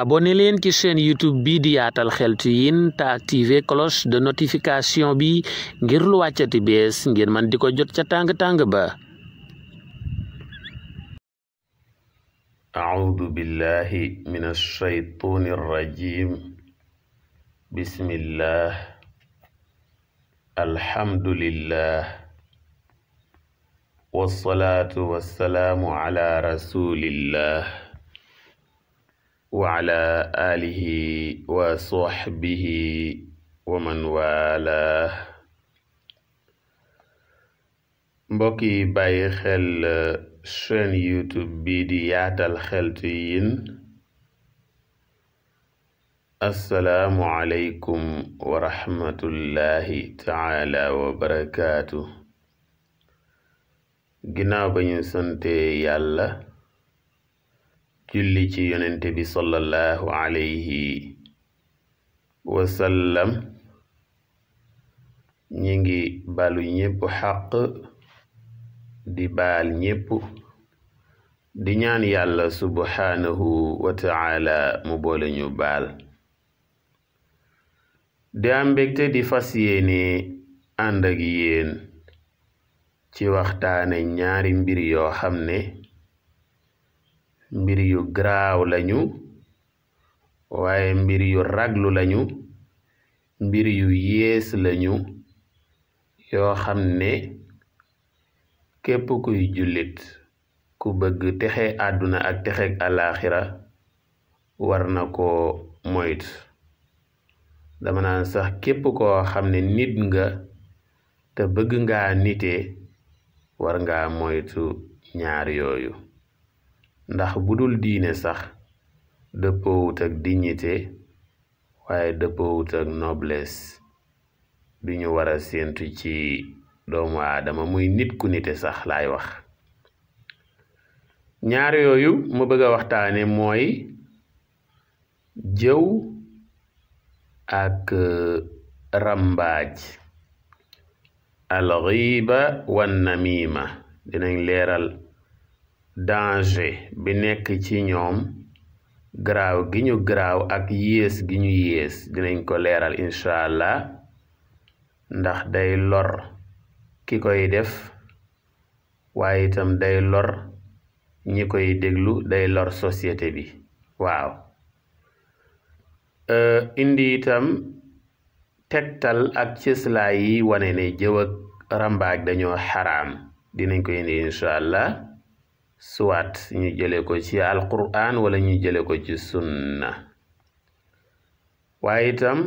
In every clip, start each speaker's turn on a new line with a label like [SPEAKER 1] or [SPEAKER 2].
[SPEAKER 1] abonné leen ci seen youtube bi di yaatal xeltu yin te activé cloche de notification bi ngir lu wàccati bees ngeen man di ko jot ca tàng-tàng ba audu billahi min alshaytani arrajim bismillah alhamdulillah wasalaatu wasalaamu ala waala alihi wa soxbihi wa man waala mbokk yi bàyyi xel euh, chaîne youtube bii di yaatal xeltu yin assalaamu aleykum wa rahmatullahi taala wa barakaatu ginnaaw ba ñu sante yàlla julli ci yonente bi sallallahu alayhi wasallam ñi ngi balu ñépp xaq di baal ñépp di ñaan yàlla subhaanahu wa taala mu boole ñu baal di am mbégte di fas yéene ànd ak yéen ci waxtaane ñaari mbir yoo xam ne mbir yu garaaw lañu waaye mbir yu raglu lañu mbir yu yées lañu yoo xam ne képp kuy jullit ku bëgg texe àdduna ak texeg alaaxira war na ko moyt dama naan sax képp koo xam ne nit nga te bëgg ngaa nite war nga moytu ñaar yooyu ndax bu dul diine sax dëppoowut ak dignité waaye dëppoowut ak noblesse bi ñu war a séentu ci doomu aadama muy nit ku nite sax laay wax ñaar yooyu mu bëgg a waxtaane mooy jëw ak euh, rambaaj alxiiba wan namima dinañ leeral danger bi nekk ci ñoom garaaw gi ñu garaaw ak yées gi ñu yées dinañ ko leeral incha allah ndax day lor ki koy def waaye itam day lor ñi koy déglu day lor société bi waaw uh, indi itam tegtal ak cëslaa yi wane ne jëw ak rambaaj dañoo xaraam dinañ ko indi incha allah suwaat ñu jëlee ko ci alquran wala ñu jëlee ko ci sunna waaye itam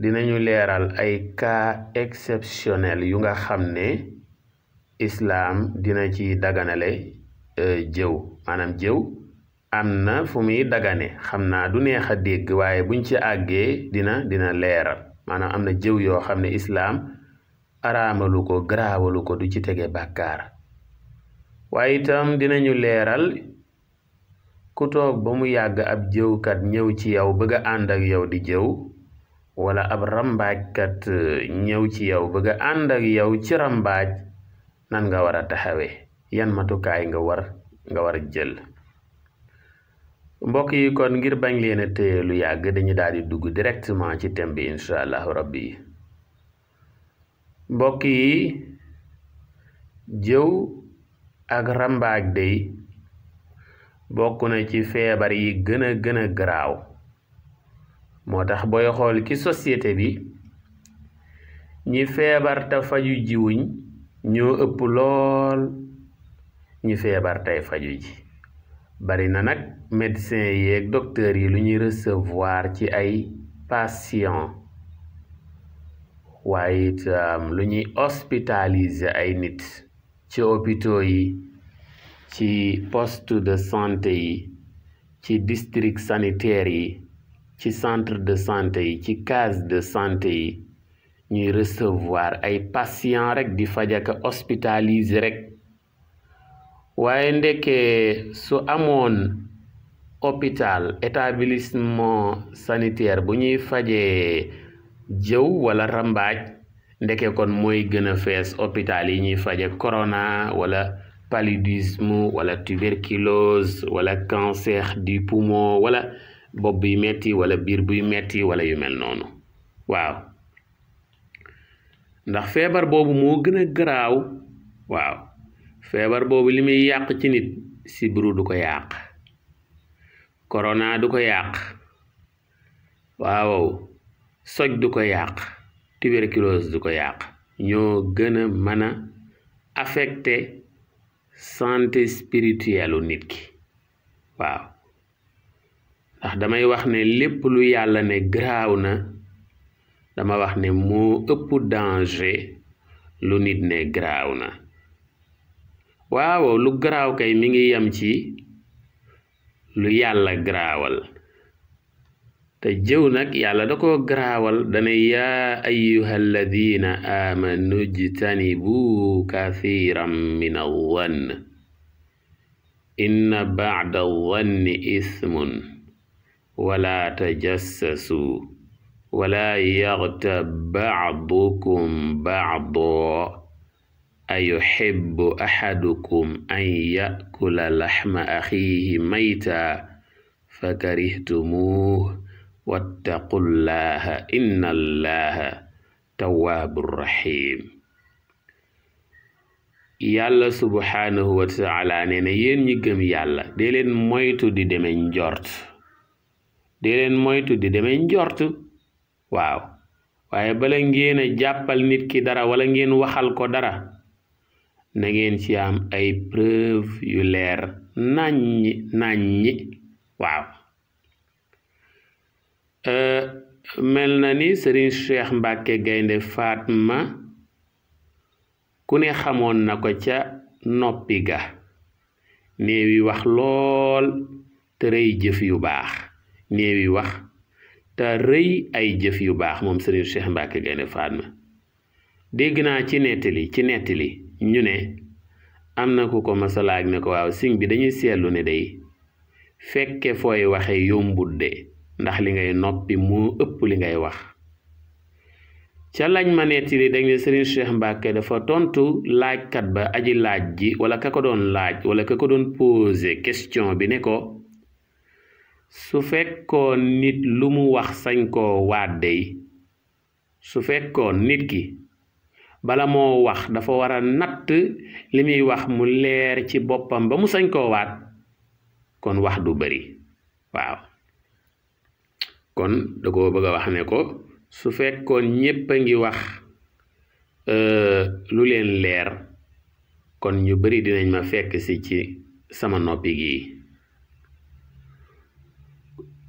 [SPEAKER 1] dinañu leeral ay cas exceptionnel yu nga xam ne islaam dina ciy daganale euh, jëw maanaam jëw am na fu muy dagane xam naa du neex a dégg waaye buñ ci àggee dina dina leeral maanaam am na jëw yoo xam ne islaam araamalu ko garaawalu ko du ci tege bàkkaar waaye itam dinañu leeral ku toog ba mu yàgg ab jëwkat ñëw ci yow bëgg a ànd ak yow di jëw wala ab rambaajkat e, ñëw ci yow bëgg a ànd ak yow ci rambaaj nan nga war a taxawee yan matukaay nga war nga war a jël mbokk yi kon ngir bañ leen a lu yàgg dañu daal di dugg directement ci thème bi incha allahu rabbi mbokk yi jëw ak rambaaj dey bokk na ci feebar yi gën a gën a garaaw moo tax booy xool ci société bi ñi feebar te faju jiwuñ ñoo ëpp lool ñi feebar faju ji bari na nag médecin yeeg docteur yi lu ñuy recevoir ci ay patient waaye itam lu ñuy hospitaliser ay nit ci hôpitaux yi ci poste de santé yi ci district sanitaire yi ci centre de santé yi ci case de santé yi ñuy recevoir ay patient rek di fajaka hospitalise rek waaye ndekkee su amoon hôpital établissement sanitaire bu ñuy fajee jëw wala rambaaj ndeke kon mooy gën a fees hôpital yi ñuy faje corona wala paludisme wala tuberculose walla cancer du poumon wala bopp buy metti wala biir buy metti wala yu mel noonu waaw ndax feebar boobu moo gën a garaaw waaw feebar boobu li muy yàq ci nit sibiru du ko yàq corona du ko yàq waaw soj du ko yàq tuberculose du ko yàq ñoo gën a mën a affecté santé spirituelle nit ki waaw ndax damay wax ne lépp lu yàlla ne garaaw na dama wax ne moo ëpp danger lu nit ne garaaw na waaw lu garaaw kay mi ngi yem ci lu yàlla garaawal te jëw nag yàlla da koo garaawal dane yaa ayuha alladina aamanu jtanibu kathiran min alwann inna bacda alwanni ismun wala tajassasu wala yagtab bacdukum bacdoo ayuxibu axadukum an yakula laxma axiihi mayta fakarihtumu wattaqullaha inna allaha tawaabu rahim yàlla subhaanahu wa taala nee ñi gëm yàlla dee leen moytu di demee njort dee leen moytu di demee njort waaw waaye bala ngeen a jàppal nit ki dara wala ngeen waxal ko dara na ngeen ci am ay preuve yu leer nàññi nàññi waaw Euh, mel na ni Serigne Cheikh Mbacke Gaynde Fatma ku ne xamoon na ko ca noppi ga néewi wax lool te rëy jëf yu baax néewi wax te rëy ay jëf yu baax moom Serigne Cheikh Mbacke Gaynde ma dégg naa ci nettali ci nettali ñu ne am na ku ko masalaag ne ko waaw sëñ bi dañuy seetlu ne day fekke fooy waxe yombut de ndax li ngay noppi moo ëpp li ngay wax ca lañ ma nettali dañ ne Serigne Cheikh dafa tontu laajkat ba aji laaj ji wala ka ko doon laaj wala ka ko doon poser kestion bi ne ko su fekkoon nit lu mu wax sañ koo waat dey su fekkoon nit ki bala moo wax dafa war natt li muy wax mu leer ci boppam ba mu sañ koo waat kon wax du bari waaw kon da koo bëgg wax ne ko su fekkoon ñépp a ngi wax euh, lu leen leer kon ñu bari dinañ ma fekk si ci sama noppi gi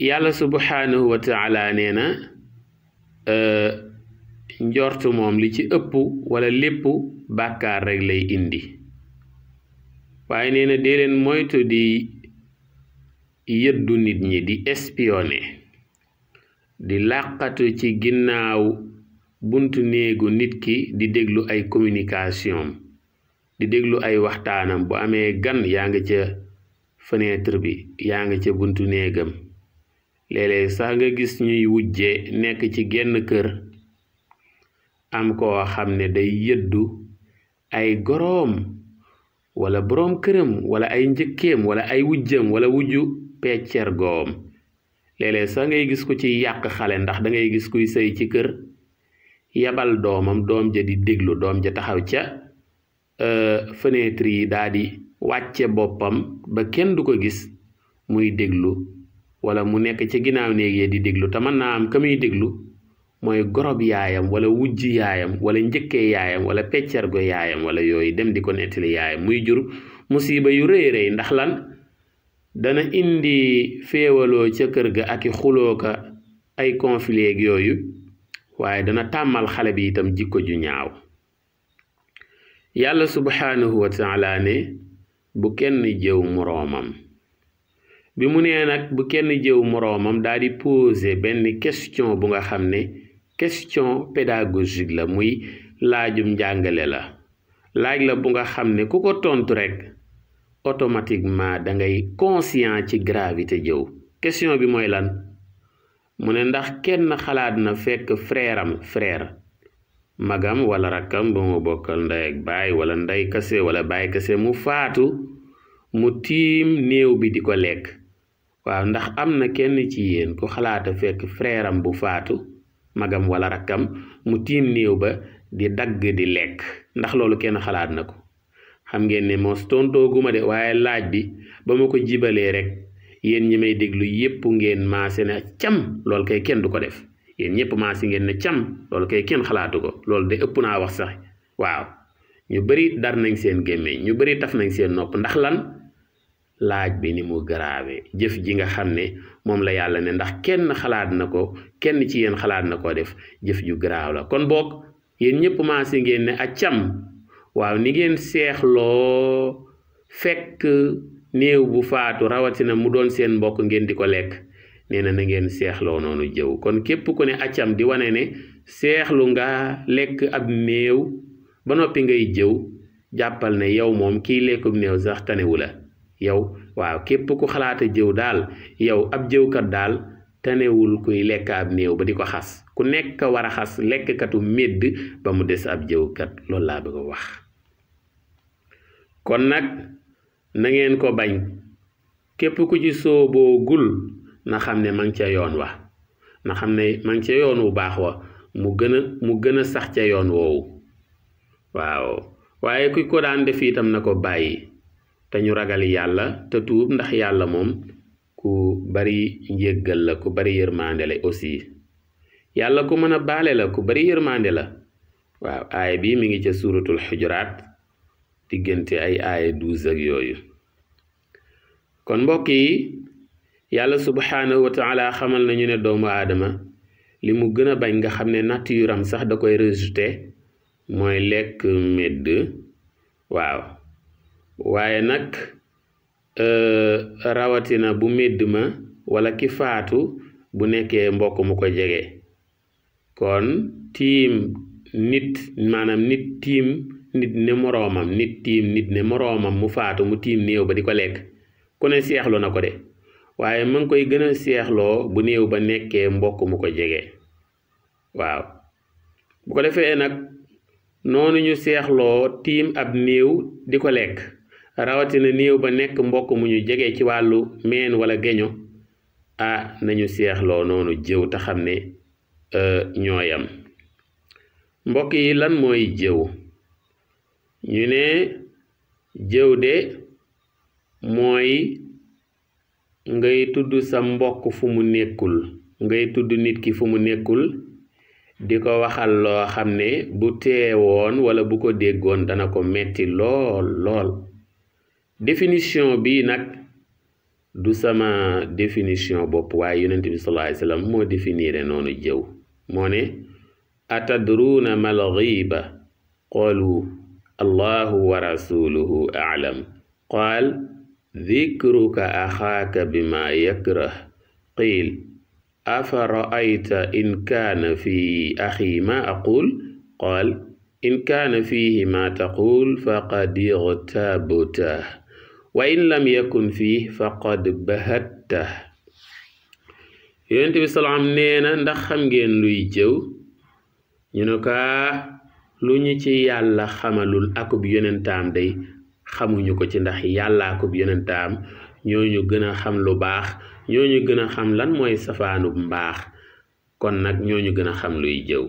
[SPEAKER 1] yàlla subhaanahu wa taala nee na euh, njortu moom li ci ëpp walla lépp bàkkaar rek lay indi waaye nee na dee leen moytu di yëddu nit ñi di espionner di làqatu ci ginnaaw buntu néegu nit ki di déglu ay communication di déglu ay waxtaanam bu amee gan yaa nga ca fenêtre bi yaa ngi ca buntu néegam léeg-léeg sax nga gis ñuy wujje nekk ci genn kër am koo xam ne day yëddu ay goroom wala boroom këram wala ay njëkkeem wala ay wujjam wala wujju peccer goom léeg-léeg ngay gis ku ci yàq xale ndax dangay gis kuy sëy ci kër yabal doomam doom ja di déglu doom ja taxaw ca euh, fenêtre yi daa di wàcce boppam ba kenn du ko gis muy déglu wala mu nekk ci ginnaaw néeg yee di déglu te mën naa am ka déglu mooy gorob yaayam wala wujj yaayam wala njëkkee yaayam wala peccargo yaayam wala yooyu dem di ko nettali yaayam muy jur musiba yu rëy rëy ndax lan dana indi féewaloo ca kër ga ak i xuloo ka ay conflit yooyu waaye dana tàmmal xale bi itam jikko ju ñaaw yàlla subhaanahu wa bu kenn jëw moroomam bi mu nee nag bu kenn jëw moroomam daal pose benn question bu nga xam ne question pédagogique la muy laajum njàngale la laaj la bu nga xam ne ku ko tontu rekk automatiquement dangay ngay conscient ci gravité jëw question bi mooy lan mu ne ndax kenn xalaat na fekk frère am magam wala rakkam bu mu bokkal ndey ak baay wala ndey kase wala baay kase mu faatu mu tiim néew bi di ko lekk waaw ndax am na kenn ci yéen ku a fekk freeram bu faatu magam wala rakkam mu tiim néew ba di dagg di lekk ndax loolu kenn xalaat na ko xam ngeen ne mos tontooguma de waaye laaj bi ba ma ko jibalee rek yéen ñi may déglu yépp ngeen maase ne cam loolu kay kenn du ko def yéen ñëpp maase ngeen ne cam loolu kenn xalaatu ko loolu de ëpp naa wax sax waaw ñu bari dar nañ seen gémmiñ ñu bari taf nañ seen nopp ndax lan laaj bi ni mu garaawe jëf ji nga xam ne moom la yàlla ne ndax kenn xalaat na ko kenn ci yéen xalaat na ko def jëf ju garaaw maase ngeen ne a cam waaw ni ngeen seexloo fekk néew bu faatu rawatina mu doon seen mbokk ngeen di ko lekk nee na na ngeen seexloo noonu jëw kon képp ku ne accam di wane ne seexlu nga lekk ab néew ba noppi ngay jëw jàppal ne yow moom kiy lekkum néew sax tanewu la yow waaw képp ku xalaata jëw daal yow ab jëwkat daal tanewul kuy lekk ab néew ba di ko xas ku nekk war a xas lekkkatu médd ba mu des ab jëwkat loolu laa bëgg a wax kon nag na ngeen ko bañ képp ku ci sóoboo gul na xam ne ma ngi ca yoon wa na xam ne ma ca yoon wu baax wa mu gën a mu gën a sax ca yoon woowu waaw waaye ku ko daan def itam na ko bàyyi te ragal yàlla te tuub ndax yàlla moom ku bari njéggal la ku bari yërmande la aussi yàlla ku mën a baale la ku bari yërmande la waaw aaya bi mi ngi ca suuratul xujuraat diggante ay aaya douze ak yooyu kon mbokk yi yàlla subhaanahu wa taala xamal nañu ne doomu aadama li mu gën a bañ nga xam ne nature am sax da koy rejeté mooy lekk medd waaw waaye nag euh, rawatina bu medd ma wala ki faatu bu nekkee mbokk mu ko jege kon tiim nit maanaam nit tiim nit ne moroomam nit tiim nit ne moroomam mu faatu mu tiim néew ba di ko lekk ku ne seexlu na ko de waaye ma ngi koy gën a seexloo bu néew ba nekkee mbokk mu ko jege waaw bu ko defee nag noonu ñu seexloo tiim ab néew di ko lekk rawatina néew ba nekk mbokk mu ñu jege ci wàllu meen wala geño ah nañu seexloo noonu jëw te xam ne euh, ñooyam mbokk yi lan mooy jëw ñu ne jëw de mooy ngay tudd sa mbokk fu mu nekkul ngay tudd nit ki fu mu nekkul di ko waxal loo xam ne bu teewoon wala bu ko déggoon dana ko metti lool lool définition bii nag du sama définition bopp waaye yonent bi sallallahu moo définire noonu jëw moo ne atadruuna mal ghiiba qalu allahu wa rasuluhu aclam qaal dikruka axaaka bima yakrah qiil afa raayta in kaana fi axi ma aqul qaal in kaana fiihi ma taqul faqad ightabtah wa in lam yakun fiih faqad bahattah yonent bi salaam nee na ndax xam ngeen luy jëw ñu ne kaa lu ñu ci yàlla xamalul akub yonentaam day xamuñu ko ci ndax yàlla akub yonentaam ñu gën a xam lu baax ñooñu gën a xam lan mooy safaanub mbaax kon nag ñoo ñu gën a xam luy jëw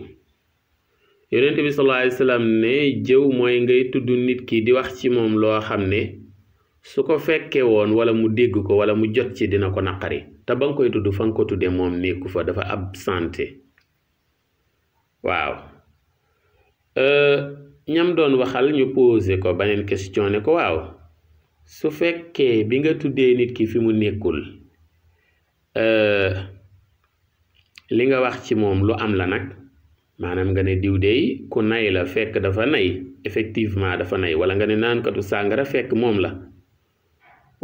[SPEAKER 1] yonent bi sallallahu alayhi ne jëw mooy ngay tudd nit ki di wax ci moom loo xam ne su ko fekkee woon wala mu dégg ko wala mu jot ci dina ko naqari te ba nga koy tudd fa ko tuddee moom nekku fa dafa absenté waaw ñam doon waxal ñu posé ko beneen question ne ko waaw su fekkee bi nga tuddee nit ki fi mu nekkul li nga wax ci moom lu am la nag maanaam nga ne diw dey ku nay la fekk dafa nay effectivement dafa nay wala nga ne naankatu sàngara fekk moom la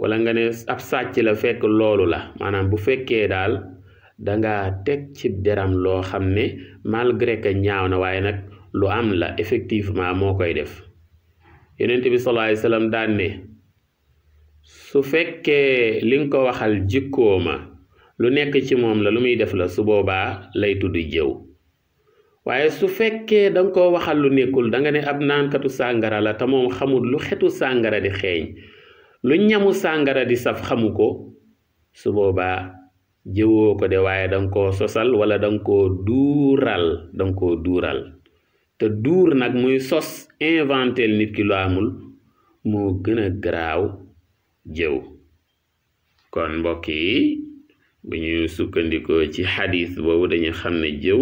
[SPEAKER 1] wala nga ne ab sàcc la fekk loolu la maanaam bu fekkee daal danga teg ci deram loo xam ne malgré que ñaaw na waaye nag lu am la effectivement moo koy def yonent bi sallallahu alayhi daan ne su fekkee li nga ko waxal jikkooma lu nekk ci moom la lu muy def la su boobaa lay tudd jëw waaye su fekkee danga ko waxal lu nekkul danga ne ab naankatu sàngara la te moom xamul lu xetu sàngara di xeeñ lu ñamu sàngara di saf xamu ko su boobaa jëwoo ko de waaye danga ko sosal wala danga koo duural danga ko duural te duur nag muy sos inventeel nit ki lu amul moo gën a garaaw jëw kon mbokk yi bu ñu sukkandikoo ci xadis boobu dañu xam ne jëw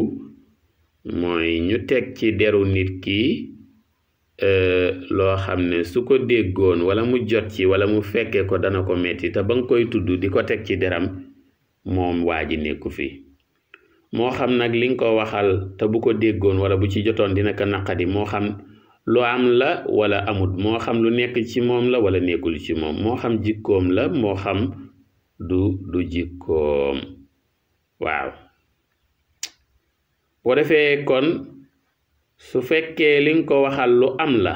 [SPEAKER 1] mooy ñu teg ci deru nit ki loo xam ne su ko déggoon wala mu jot ci wala mu fekkee ko dana ko metti te ba nga koy tudd di ko teg ci deram moom waa ji nekku fi moo xam nag li nga ko waxal te bu ko déggoon wala bu ci jotoon dina ko naqadi moo xam lu am la wala amut moo xam lu nekk ci moom la wala nekkul ci moom moo xam jikkoom la moo xam du du jikkoom waaw boo defee kon su fekkee li nga ko waxal lu am la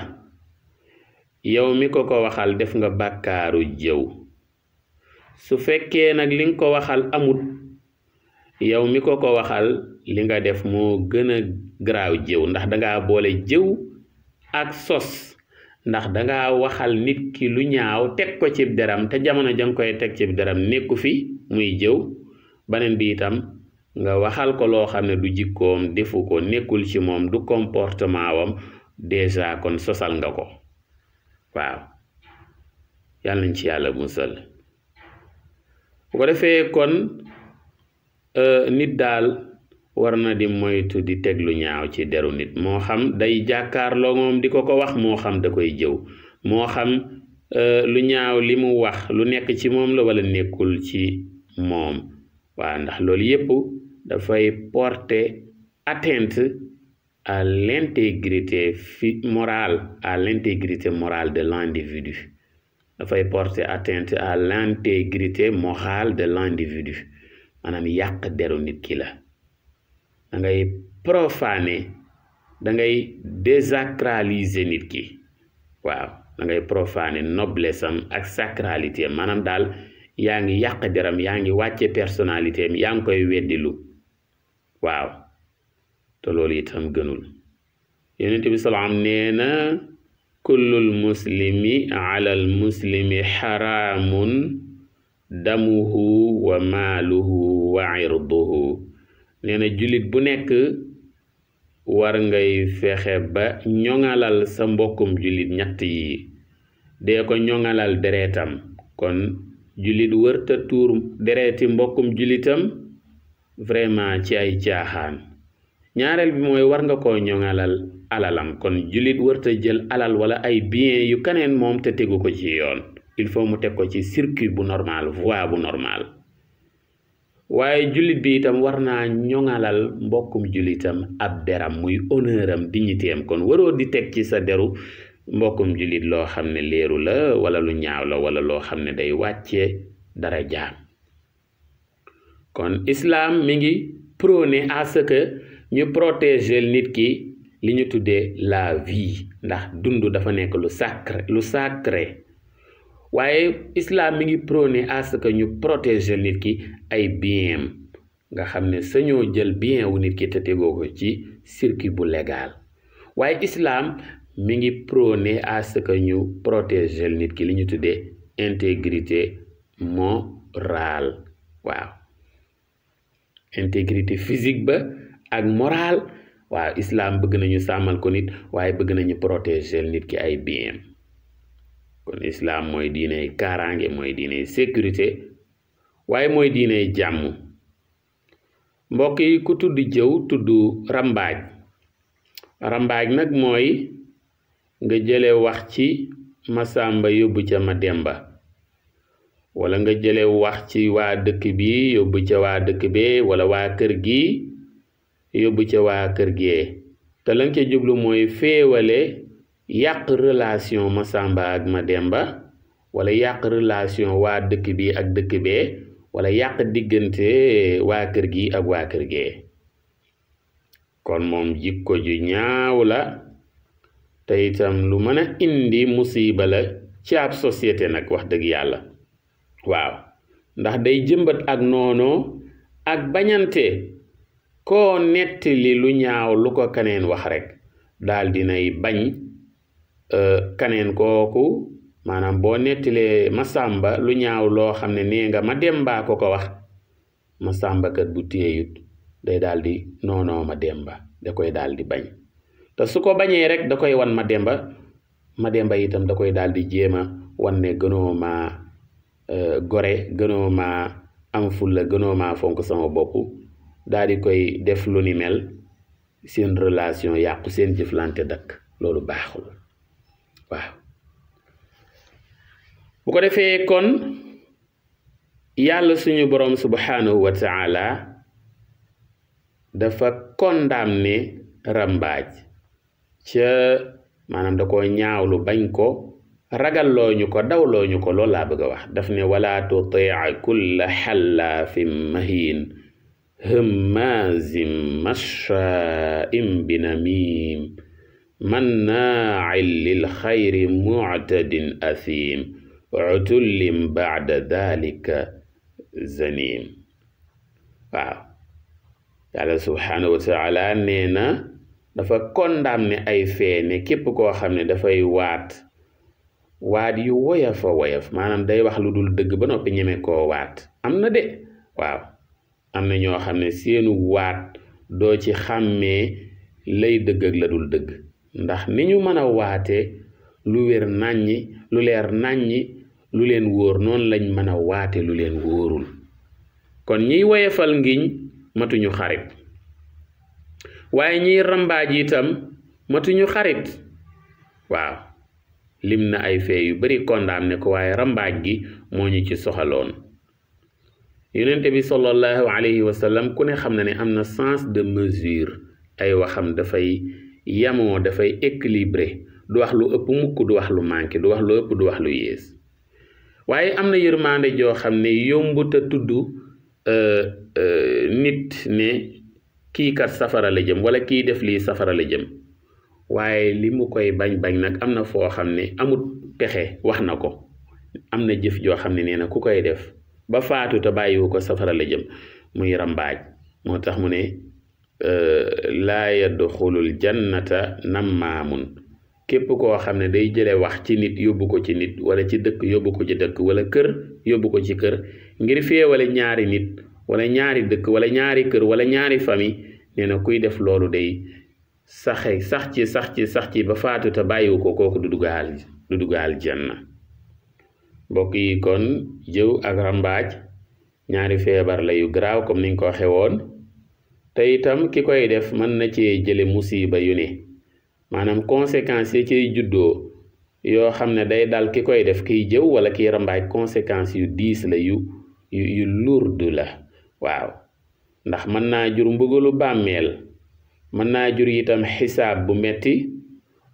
[SPEAKER 1] yow mi ko ko waxal def nga bàkkaaru jëw su fekkee nag li nga ko waxal amut yow mi ko ko waxal li nga def moo gën a garaaw jëw ndax danga boole jëw ak sos ndax danga waxal nit ki lu ñaaw teg ko cib deram te jamono ja koy teg cib deram nekku fi muy jëw beneen bi itam nga waxal ko loo xam ne du jikkoom defu ko nekkul ci moom du comportement wam déjà kon sosal nga ko waaw yàlla nañ ci yàlla musal bu ko defee kon Euh, nit daal war na di moytu di teg lu ñaaw ci deru nit moo xam day jàkkaarloo moom di ko ko wax moo xam da koy jëw moo xam euh, lu ñaaw li mu wax lu nekk ci moom la wala nekkul ci moom waa ndax loolu yépp dafay porter atteinte à l'intégrité morale à l'intégrité morale de l'individu dafay porte atteinte à l'intégrité morale de l'individu maanaam yàq deru nit ki la da ngay profaner désacraliser nit ki waaw da ngay profaner ak sacralité am daal yaa ngi yàq deram yaa ngi wàcce personalité yaa ngi koy weddilu waaw te loolu itam gënul yonent bi salaam nee na kullul muslimi alal muslimi xaraamun damuhu wa maaluhu wa irduhu nee na jullit bu nekk war ngay fexe ba ñoŋalal sa mbokkum jullit ñett yi dee ko ñoŋalal deretam kon jullit wërta tuur dereti mbokkum jullitam vraiment ci ay caaxaan ñaareel bi mooy war nga ko ñoŋalal alalam kon jullit wërta jël alal wala ay bien yu kaneen moom te tegu ko ci yoon il faut mu teg ko ci circuit bu normal voie bu normal waaye jullit bi itam war naa ñoŋalal mbokkum jullitam ab deram muy honneur am dignité kon waroo di teg ci sa deru mbokkum jullit loo xam ne léeru la wala lu ñaaw la wala loo xam ne day wàcce dara jaam kon islam mi ngi prôné à ce que nit ki li ñu tuddee la vie ndax dundu dafa nekk lu sacré lu sacré waaye islaam mi ngi prôné à que ñu protéger nit ki ay biens nga xam ne sañoo jël bien wu nit ki te tegoo ko ci circuit bu légal waaye islaam mi ngi prôné à ce que ñu protéger nit ki li ñu tuddee intégrité morale waaw intégrité physique ba ak morale waaw islaam bëgg nañu sàmmal ko nit waaye bëgg nañu protéger nit ki ay bien kon islaam mooy diiney kaaraange mooy diiney sécurité waaye mooy diine jàmm mbokk yi ku tudd jëw tudd rambaaj rambaaj nag mooy nga jële wax ci masamba yóbbu ca ma demba wala nga jële wax ci waa dëkk bi yóbbu ca waa dëkk bee wala waa kër gi yóbbu ca waa kër gee te lañ ca jublu mooy féewale yàq relation Masamba ak Mademba walla yàq relation waa dëkk bi ak dëkk bee walla yàq diggante waa kër gi ak waa kër gee kon moom jikko ju ñaaw la te itam lu mën a indi musiba la ci ab société nag wax dëgg yàlla waaw ndax day jëmbat ak noonu ak bañante koo nettali lu ñaaw lu ko kaneen wax rekk daal dinay bañ Euh, kaneen kooku maanaam boo nettalee Masamba lu ñaaw loo xam ne nee nga ma Demba ko ko wax Masamba kat bu téyeyut day daal di noonoo ma Demba da koy daal di bañ te su ko bañee rek da koy wan ma Demba ma Demba itam da koy daal di jéem a wan ne gënoo euh, gore gënoo maa am fulla gënoo fonk sama bopp daal di koy def lu ni mel seen relation yàqu seen jëflante dakk loolu baaxul bu ko defee kon yàlla suñu boroom subhanahu wa taala dafa condamné rambaaj ca maanaam da ko ñaawlu bañ ko ragalloo ko dawlooñu ñu ko loolu laa bëgg wax daf ne wala tutia kulla xallaafin mahin hëmmaazim mashaa'im binamim mannaain lil xayri muctadin athiim utullim bacda dalika zanim waaw yàlla subhaanahu wa nee na dafa condamné ay feene képp koo xam ne dafay waat waat yu woyof a woyof maanaam day wax lu dul dëgg ba noppi ñeme koo waat am na de waaw am na ñoo xam ne seenu waat doo ci xàmmee lay dëgg ak la dul dëgg ndax ni ñu mën a lu wér nàññi lu leer nàññi lu leen wóor noonu lañ mën a waate lu leen wóorul kon ñiy woyafal ngiñ matuñu xarit waaye ñiy rambaaj itam matuñu xarit waaw lim na ay fee yu bari condamné ko waaye rambaaj gi moo ñu ci soxaloon yonente bi sallallahu alayhi wa sallam ku ne xam na ne am na sens de mesure ay waxam dafay yamoo dafay équilibré du wax lu ëpp mukk du wax lu manqué du wax lu ëpp du wax lu yées waaye am na yërmande joo xam ne yombut a tudd euh, euh, nit ne kii kat safara la jëm wala kii def lii safara la jëm waaye li mu koy bañ-bañ nag am na foo xam ne amut pexe wax na ko am na jëf joo xam ne nee na ku koy def ba faatu te bàyyiwu ko safara la jëm muy rambaaj moo tax mu ne Euh, laa yadxulul jannata nammaamun képp koo xam ne day jële wax ci nit yóbbu ko ci nit wala ci dëkk yóbbu ko ci dëkk wala kër yóbbu ko ci kër ngir féewale ñaari nit wala ñaari dëkk wala ñaari kër wala ñaari famille nee na kuy def loolu day saxe sax ci sax ci sax ci ba faatu te bàyyiwu ko kooku du dugaal du dugaal janna mbokk yi kon jëw ak rambaaj ñaari feebar la yu garaaw comme niñ ko waxee woon te itam ki koy def mën na cee jële musiba yu ne maanaam conséquences yi ciy juddoo yoo xam ne day dal ki koy def kiy jëw wala kiy rambaaj conséquences yu diis la yu yu yu la waaw ndax mën naa jur mbugalu bàmmeel mën naa jur itam xisaab bu metti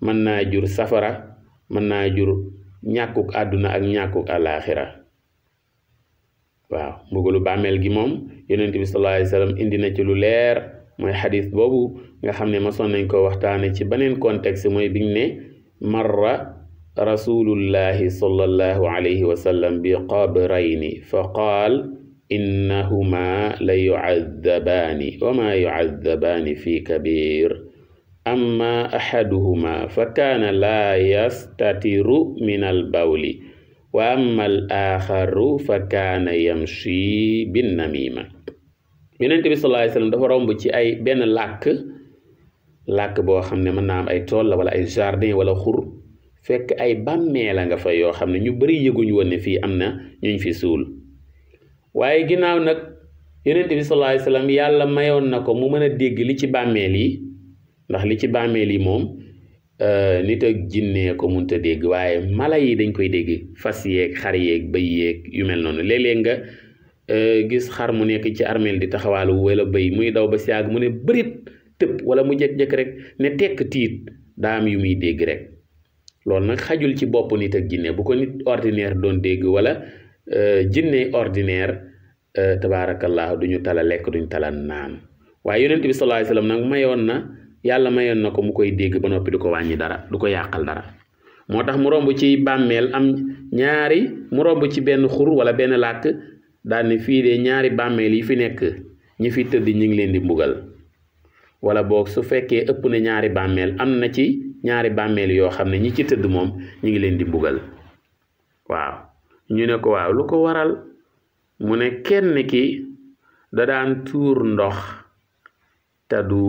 [SPEAKER 1] mën naa jur safara mën naa jur ñàkkuk àdduna ak ñàkkuk àlaaxira waaw mbugalu bàmmeel gi moom yonent bi sallallahu alayhi wasallam indi na ci lu leer mooy xadis boobu nga xam ne masoon nañ ko waxtaane ci beneen contexte mooy biñ ne marra rasulullahi sallallahu alayhi wasallam bi qabrayni fa qaal innahuma la yucadabaani wa ma yucadabaani fi kabir amma axaduhuma fa kaana laa yastatiru min albawli wa amma al axaru fa kaana yamshi binnamima yonent bi sallallahu alayhi wasallam dafa romb ci ay benn làkk làkk boo xam ne mën naa am ay tool la wala ay jardin wala xur fekk ay bàmmeel la nga fa yoo xam ne ñu bari yëguñu woon ne fii am na ñuñ fi suul waaye ginnaaw nag yonent bi sallallahu alayhi yàlla mayoon na ko mu mën a dégg li ci bàmmeel yi ndax li ci bàmmeel yi moom euh, nit ak jinnee ko munta dégg waaye mala yi dañ koy dégg fas yéeg xar yéeg bëy yéeg yu mel noonu léeg nga Eh, gis xar mu nekk ci armeel di taxawaalu wala béy muy daw ba si yàgg mu ne bërit tëb wala mu jëkk-jëkk rek ne tekk tiit daam yi muy dégg rek loolu nag xajul ci bopp nit ak jinne bu ko nit ordinaire doon dégg wala eh, jinne ordinaire eh, tabaarakallah duñu tala lekk duñu tala naan waaye yonent bi sallallahu alayhi nag mayoon na yàlla mayoon na ko mu koy dégg ba noppi du ko wàññi dara du ko yàqal dara moo tax mu romb ci bàmmeel am ñaari mu romb ci benn xu wala benn làkk daal fii de ñaari bàmmeel yi fi nekk ñi fi tëdd ñi ngi leen di mbugal wala boog su fekkee ëpp na ñaari bàmmeel am na ci ñaari bàmmeel yoo xam ne ñi ci tëdd moom ñi ngi leen di mbugal waaw ñu ne ko waaw lu ko waral mu ne kenn ki da daan tuur ndox te du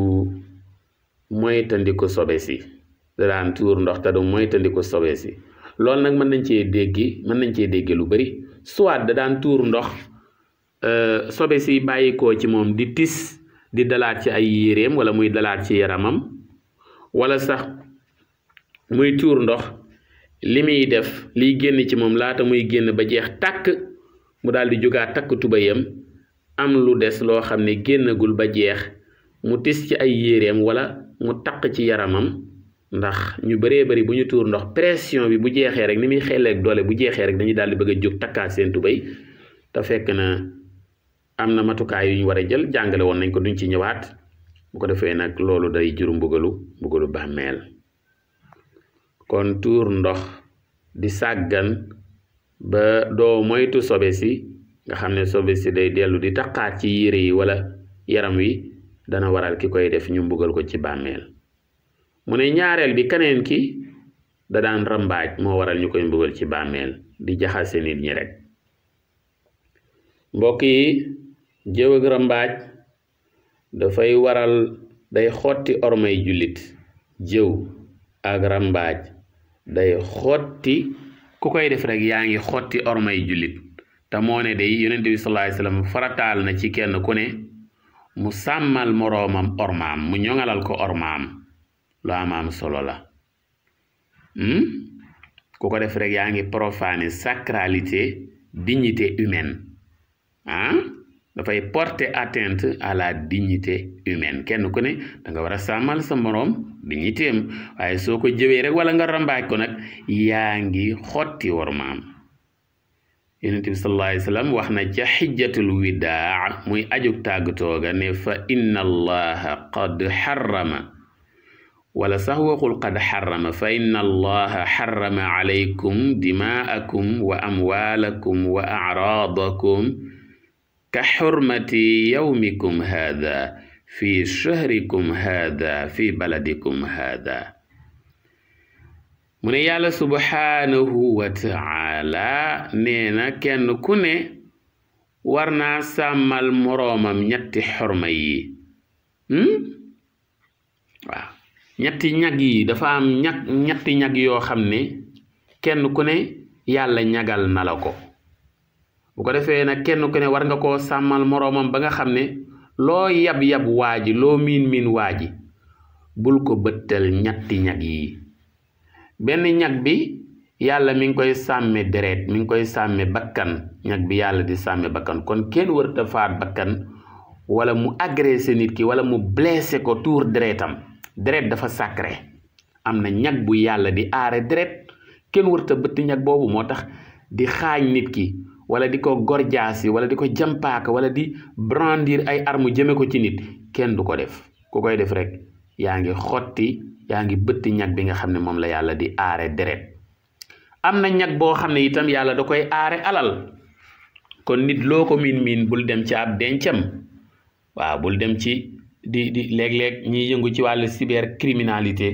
[SPEAKER 1] moytandiku sobe si da tuur ndox te du moytandiku sobe si loolu nag mën nañ cee déggi mën nañ cee dégge lu bari soit da daan tuur ndox euh, sobe si bàyyikoo ci moom di tis di dalaat ci ay yéreem wala muy dalaat ci yaramam wala sax muy tuur ndox li muy def liy génn ci moom laata muy génn ba jeex tàkk mu daal di jógaat takk tubéyam am lu des loo xam ne génnagul ba jeex mu tis ci ay yéreem wala mu taq ci yaramam ndax ñu bëree bëri bu ñu tuur ndox pression bi bu jeexee rek ni muy xelleeg doole bu jeexee rek dañu daal di bëgg a jóg takkaat seen tubéy te fekk na am na matukaay yu ñu war a jël jàngale woon nañ ko duñ ci ñëwaat bu ko defee nag loolu day juru mbugalu mbugalu bàmmeel kon tuur ndox di sàggan ba doo moytu sobe si nga xam ne sobe si day dellu di takkaat ci yére yi wala yaram wi dana waral ki koy def ñu mbugal ko ci bàmmeel mu ne ñaareel bi keneen ki da daan rambaaj moo waral ñu koy mbugal ci bàmmeel di jaxase nit ñi rek mbokk yi jëw ak dafay waral day xotti ormay jullit jëw ak rambaaj day xotti ku koy def rek yaa ngi xotti ormay jullit te moo ne day yonent bi sallallahu farataal na ci kenn ku ne mu sàmmal moroomam ormaam mu ñoŋalal ko ormaam lu am am solo la hmm? ko ko def rek yaa ngi profane sacralité dignité humaine ah dafay porter atteinte à la dignité humaine kenn ku ne da nga war a sàmmal sa moroom dignitéem waaye soo ko jëwee rek wala nga rambaaj ko nag yaa ngi xotti war maam yonent bi sallallahu alayhi wa wax na ca xijjatul widaa muy ajug tàggatoo ga ne fa inna allaha qad xarrama wala sax waxul qad xarama fa inna allaha xarama calaykum dimaakum wa amwaalakum wa acraadakum ka xurmati yawmikum haada fi shahrikum haada fi baladikum haada mu ne yàlla subhaanahu wa taala nee na kenn ku ne war naa sàmmal moroomam ñetti xorma yi hmm? waaw ñetti ñag yi dafa am ñag ñetti ñag yoo xam ne kenn ku ne yàlla ñagal na la ko bu ko defee nag kenn ku ne war nga koo sàmmal moroomam ba nga xam ne loo yab-yab waa ji loo miin miin waa ji bul ko bëttal ñetti ñag yi benn ñag bi yàlla mi ngi koy sàmme deret mi ngi koy sàmme bakkan ñag bi yàlla di sàmme bakkan kon kenn wërta faat bakkan wala mu agressé nit ki wala mu blessé ko tuur deretam deret dafa sacré am na ñag bu yàlla di aare deret kenn wërta bëtt ñag boobu moo tax di xaañ nit ki wala di ko gorjaasi wala di ko jàmpaaka wala di brandir ay armu jëme ko ci nit kenn du ko def ku koy def rek yaa ngi xotti yaa ngi bëtt ñag bi nga xam ne moom la yàlla di aare deret am na ñag boo xam ne itam yàlla da koy aare alal kon nit loo ko miin miin bul dem ci ab dencam waaw bul dem ci di di léeg-léeg ñiy yëngu ci wàll wàllu criminalité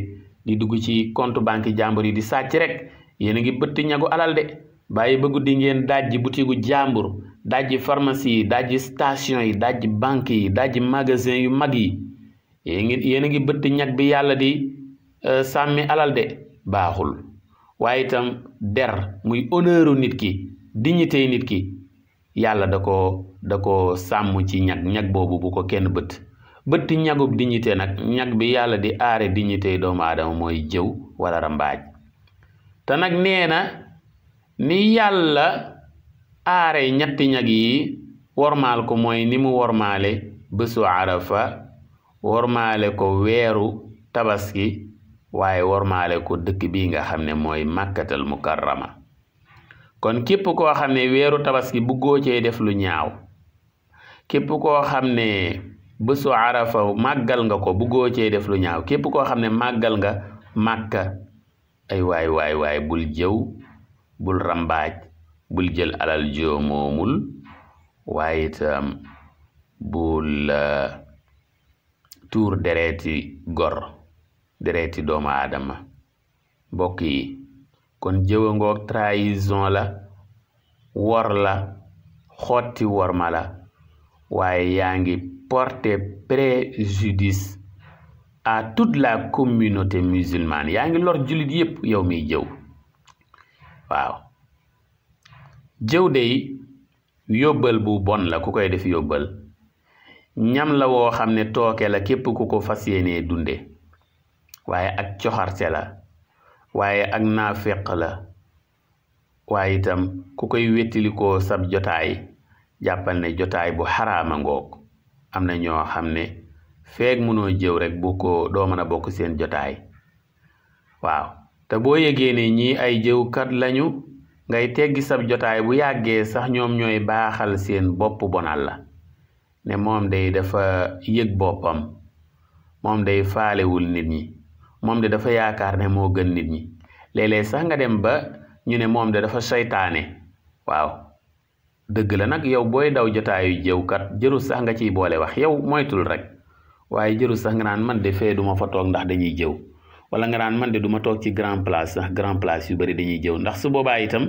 [SPEAKER 1] di dugg ci compte banque jàmbur yi di sàcc rek yéen a ngi bëtt ñagu alal de bàyyi ba di ngeen dajji butigu jàmbur dajji pharmacie yi dajji station yi dajj banque yi dajji magasin yu mag yi yéen ngi yéen a ngi bëtt ñag bi yàlla di e, sàmmi alal de baaxul waaye itam der muy honneuru nit ki dignité nit ki yàlla da ko da ko sàmm ci ñag ñag boobu bu ko kenn bët bëtti ñagub dignité nag ñag bi yàlla di aare di yi doomu aadama mooy jëw wala rambaaj te nag nee na ni yàlla aare ñetti ñag yi wormaal ko mooy ni mu wormaale bésu arafa wormaale ko weeru tabaski waaye wormaale ko dëkk bii nga xam ne mooy màkkatal mukarrama kon képp koo xam ne weeru tabaski buggoo cee def lu ñaaw képp koo xam ne bésu arafa màggal nga ko buggoo cee def lu ñaaw képp koo xam ne màggal nga màkka ay waay waay waay bul jëw bul rambaaj bul jël alal joo moomul waaye bul uh, tuur dereeti gor dereeti doomu aadama mbokk yi kon jëwa ngoog trahison la wor la xotti wor ma la waaye yaa porte préjudice à toute la communauté musulmane yaa ngi lor jullit yépp yow mi jëw waaw jëw dey yóbbal bu bon la ku koy def yobbal ñam la woo xam ne tooke la képp ku ko fas yéenee dunde waaye ak coxarte la waaye ak naaféq la waaye itam ku koy wettilikoo sab jotaay jàppal ne jotaay bu xaraama ngoog am na ñoo xam ne feeg mënoo jëw rek bu ko doo mën a bokk seen jotaay waaw te boo yëgee ne ñii ay jëwkat lañu ngay teggi sab jotaay bu yàggee sax ñoom ñooy baaxal seen bopp bonal la ne moom day dafa yëg boppam moom day faalewul nit ñi moom de dafa yaakaar ne moo gën nit ñi léeg sax nga dem ba ñu ne moom de dafa seytaane waaw dëgg la nag yow booy daw jotaayu jëwkat jërul sax nga ciy boole wax yow moytul rek waaye jërul sax nga naan man de fee duma fa toog ndax dañuy jëw wala nga naan man de duma toog ci grand place ndax grand place yu bëri dañuy jëw ndax su boobaa itam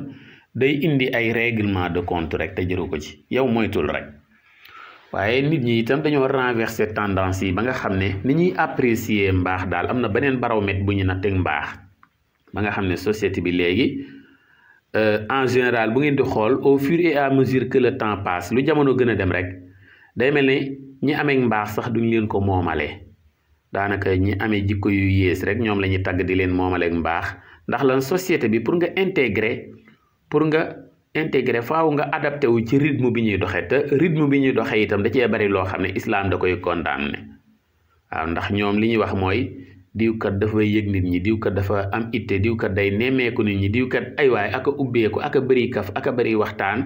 [SPEAKER 1] day indi ay règlement de compte rek te jëru ko ci yow moytul rek waaye nit ñi itam dañoo renverser tendance yi ba nga xam ne ni ñuy apprécier mbaax daal am na beneen baromètre bu ñu natteg mbaax ba nga xam ne société bi léegi Euh, en général bu ngeen di xool au fur et à mesure que le temps passe lu jamono gën a dem rek day mel ne ñi amee mbaax sax duñ leen ko moomale daanaka ñi amee jikko yu yées rek ñoom la ñuy tagg di leen moomaleeg mbaax ndax lan société bi pour nga intégré pour nga intégrer faaw nga adapté wu ci rythme bi ñuy doxee te rythme bi ñuy doxee itam da cee bari loo xam ne islam da koy condamné waaw ndax ñoom li ñuy wax mooy. diwkat dafay yëg nit ñi diwkat dafa am itte diwkat day nemmeeku nit ñi diwkat ay waay aka ubbeeku aka bëri kaf aka bari waxtaan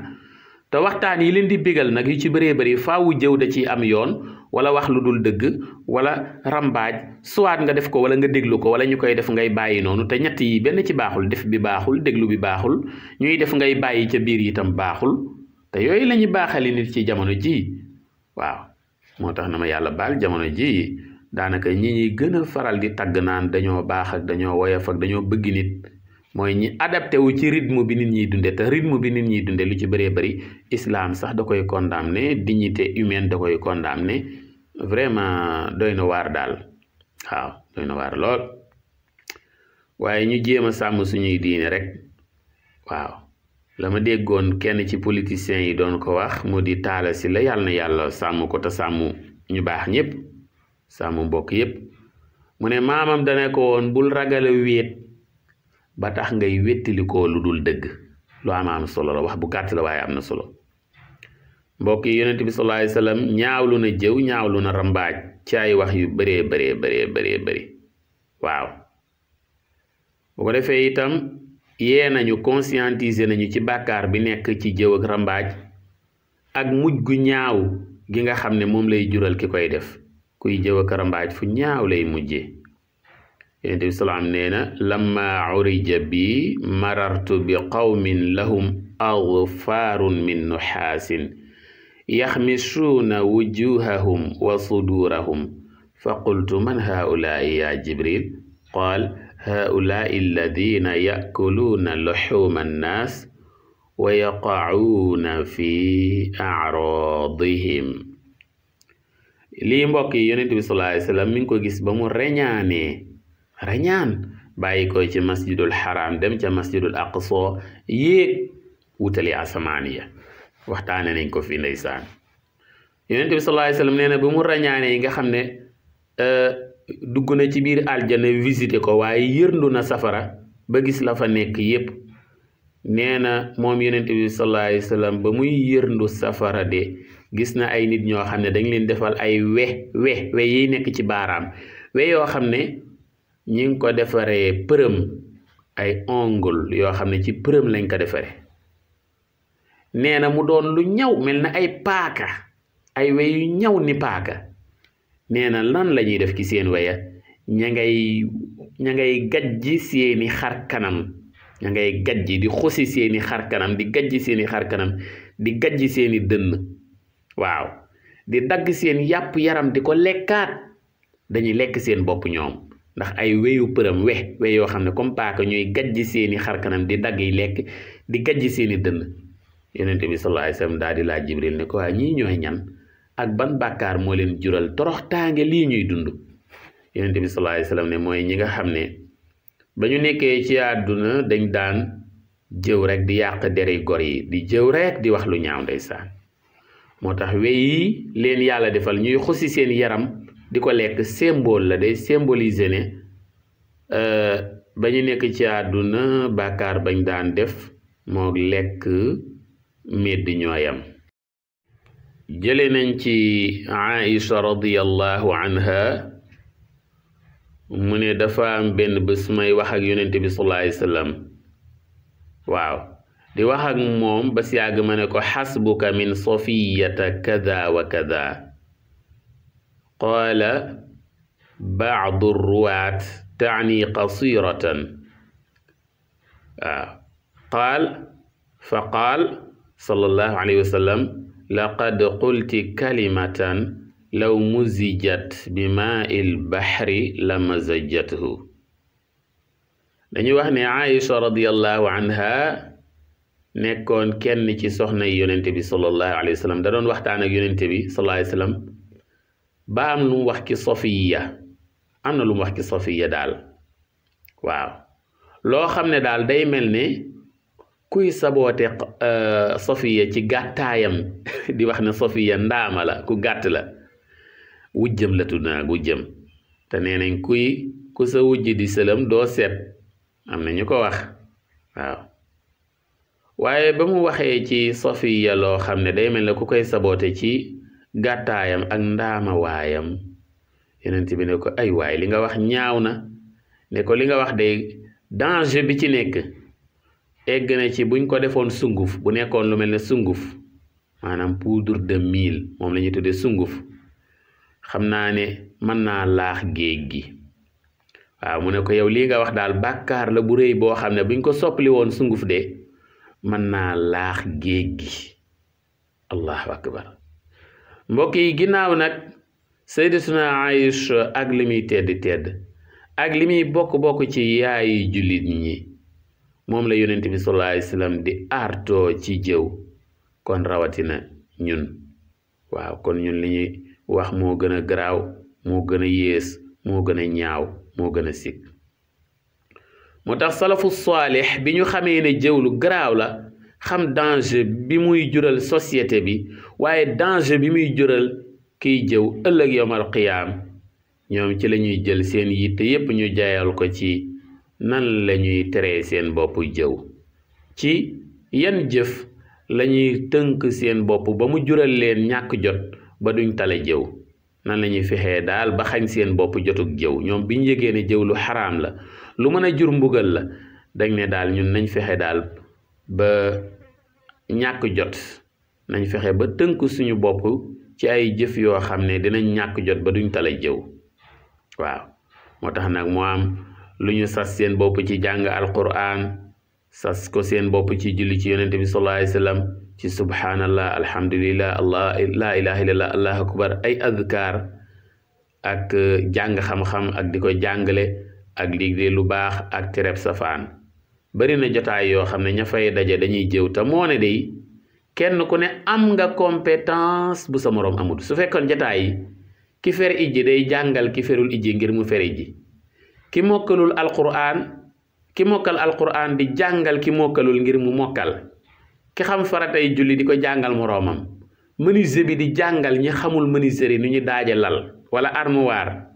[SPEAKER 1] te waxtaan yi leen di bégal nag yu ci bëree bari faawu jëw da ciy am yoon wala wax lu dul dëgg wala rambaaj soit nga def ko wala nga déglu ko wala ñu koy def ngay bàyyi noonu te ñett yi benn ci baaxul def bi baaxul déglu bi baaxul ñuy def ngay bàyyi ca biir itam baaxul te yooyu la ñu baaxali nit ci jamono ji waaw tax na yàlla baal jamono ji daanaka ñi ñuy gën a faral di tagg naan dañoo baax ak dañoo woyof ak dañoo bëgg nit mooy ñi adapté wu ci rythme bi nit ñiy dundee te rythme bi nit ñiy dundee lu ci bëree bari islaam sax da koy ne dignité humaine da koy ne vraiment doy na waar daal waaw doy na waar lool waaye ñu jéem a sàmm suñuy diine rek waaw la ma déggoon kenn ci politiciens yi doon ko wax mu di taala si la yàlla na yàlla sàmm ko te sàmm ñu baax ñépp sama mbokk yépp mu ne maamam dane ko woon bul ragale wéet ba tax ngay wéttalikoo lu dul dëgg lu am am solo la wax bu gàtt la waaye am na solo mbokk yi yonent bi sallallahu alayhi ñaawlu na jëw ñaawlu na rambaaj ci ay wax yu bëree bëree bëree bëree waaw bu ko defee itam yee nañu conscientiser nañu ci baakaar bi nekk ci jëw ak rambaaj ak mujj gu ñaaw gi nga xam ne moom lay jural ki koy def kuy jëw a karambaaj fu ñaaw lay mujje yonente bi salaam nee na lamma urija bi marartu bi qawmin lahum agfaarun min nuxaasin yaxmisuuna wujuhahum wa sudurahum fa qultu man haulaai ya jibril qaal haulaai alladina yakuluuna luxuuma annaas wa yaqacuuna fi acraadihim lii mbokk yi yonent bi sallallahu alayhi mi ngi ko gis ba mu reñaanee reñaan bàyyi ko ci masjidul haram dem ca masjidul aqsa yéeg wutali asamaaniya waxtaane nañ ko fi ndeysaan yonent bi sallallahu alayhi wasallam nee na ba mu rañaanee yi nga xam ne e, dugg na ci biir aljana visité ko waaye yërndu na safara ba gis la fa nekk yépp nee na moom yonent bi sallallahu alayhi ba muy yërndu safara de gis na ay nit ñoo xam ne dañ leen defal ay we we we yiy nekk ci baaraam we yoo xam ne ñi ngi ko defaree përëm ay ongle yoo xam ne ci përëm lañ ko defaree nee na mu doon lu ñaw mel na ay paaka ay we yu ñaw ni paaka nee na lan la ñuy def ci seen weya ña ngay ña ngay gajji seeni xar kanam ña ngay gajji di xosi seeni xar kanam di gajj seeni xar kanam di gajji seeni dënn waaw di dagg seen yàpp yaram di ko lekkaat dañuy lekk seen bopp ñoom ndax ay weyu përëm we we yoo xam ne comme paaka ñuy gajj seeni xarkanam di dagg yi lekk di gajj seeni dënn yonente bi sallallahu alayhi daal di laaj jibril ne ñii ñooy ñan ak ban bàkkaar moo leen jural toroxtaange lii ñuy dund yonente bi sallallahu alayhi wasallam mooy ñi nga xam ne ba ñu nekkee ci àdduna dañ daan jëw rek di yàq deri gor yi di jëw rek di wax lu ñaaw ndeysaan moo tax we yi leen yàlla defal ñuy xusi seen yaram di ko lekk symbole la day symboliser ne euh, ba ñu nekk ci àdduna bàkkaar bañ daan def moo lekk medd ñooyam jële nañ ci Aïcha radiyallahu anha mu ne dafa am benn bés may wax ak yonente bi sallallahu alayhi waaw di wax ak moom ba si yàgg ma ne ko xasbuka min safiyata kada wa kada qaala baadu ruwaat taani qasiratan waaw qaal fa qaal sallallahu alayhi wa sallam laqad qulti kalimatan law muzijat bi maa'il bahri la mazajathu dañuy wax ne Aïcha radiyallahu anha nekkoon kenn ci soxna yi yonent bi sallallahu alayhi wa sallam da doon waxtaan ak yonent bi sallallahu alayhi wa ba am lu mu wax ci sofiya am na lu mu wax ci sofiya daal waaw loo xam ne daal day mel ne kuy saboote euh, sofiya ci gàttaayam di wax ne sofiya ndaama la ku gàtt la wujjam la tudd naa wujjam te nee nañ kuy ku sa wujj di sëlam doo seet am na ñu ko wax waaw waaye ba mu waxee ci Safiya loo xam ne day mel ne ku koy saboote ci gàttaayam ak ndaamawaayam waayam yonent bi ne ko ay waaye li nga wax ñaaw na ne ko li nga wax de danger bi ci nekk egg na ci buñ ko defoon sunguf bu nekkoon lu mel ne sunguf maanaam poudre de mil moom la ñuy tuddee sunguf xam naa ne mën naa laax géej gi waaw mu ne ko yow lii nga wax daal bàkkaar la bu rëy boo xam ne buñ ko soppali woon sunguf de man naa laax géej gi allahu akbar mbokk yi ginnaaw nag sayyidatuna Aïcha ak li muy tedd tedd ak li muy bokk bokk ci yaayi jullit ñi moom la yonent bi sallallahu alayhi di artoo ci jëw kon rawatina ñun waaw kon ñun li ñuy wax moo gën a garaaw moo gën a yées moo gën a ñaaw moo gën a sikk moo tax salafu saalix bi ñu xamee ne jëw lu garaaw la xam danger bi muy jural société bi waaye danger bi muy jural kiy jëw ëllëg yowmal qiyaam ñoom ci lañuy jël seen yitte yépp ñu jaayal ko ci nan lañuy teree seen bopp jëw ci yan jëf lañuy tënk seen bopp ba mu jural leen ñàkk jot ba duñ tale jëw nan lañuy fexee daal ba xañ seen bopp jotug jëw ñoom biñ yëgee ne jëw lu xaraam la lu mën a jur mbugal la dañ ne daal ñun nañ fexe daal ba ñàkk jot nañ fexe ba tënk suñu bopp ci ay jëf yoo xam ne dinañ ñàkk jot ba duñ tala jëw waaw moo tax nag moo am lu ñu sas seen bopp ci jàng alquran sas ko seen bopp ci julli ci yonente bi sallallahu alayhi wasallam ci alhamdulillah allah la ilaha illallah allahu akbar ay azkar ak jàng xam-xam ak di ko jàngale ak liggéey lu baax ak tereb safaan bari na jotaay yoo xam ne ña fay daje dañuy jëw te moo ne day kenn ku ne am nga compétence bu sa moroom amut su fekkoon jotaay yi ki fer ijji day jàngal ki ferul ijji ngir mu fer ijji ki mokkalul alquran ki mokkal alquran di jàngal ki mokkalul ngir mu mokkal ki xam faratay julli di ko jàngal moroomam mënise bi di jàngal ñi xamul menuisier yi nu ñu daaje lal wala armoire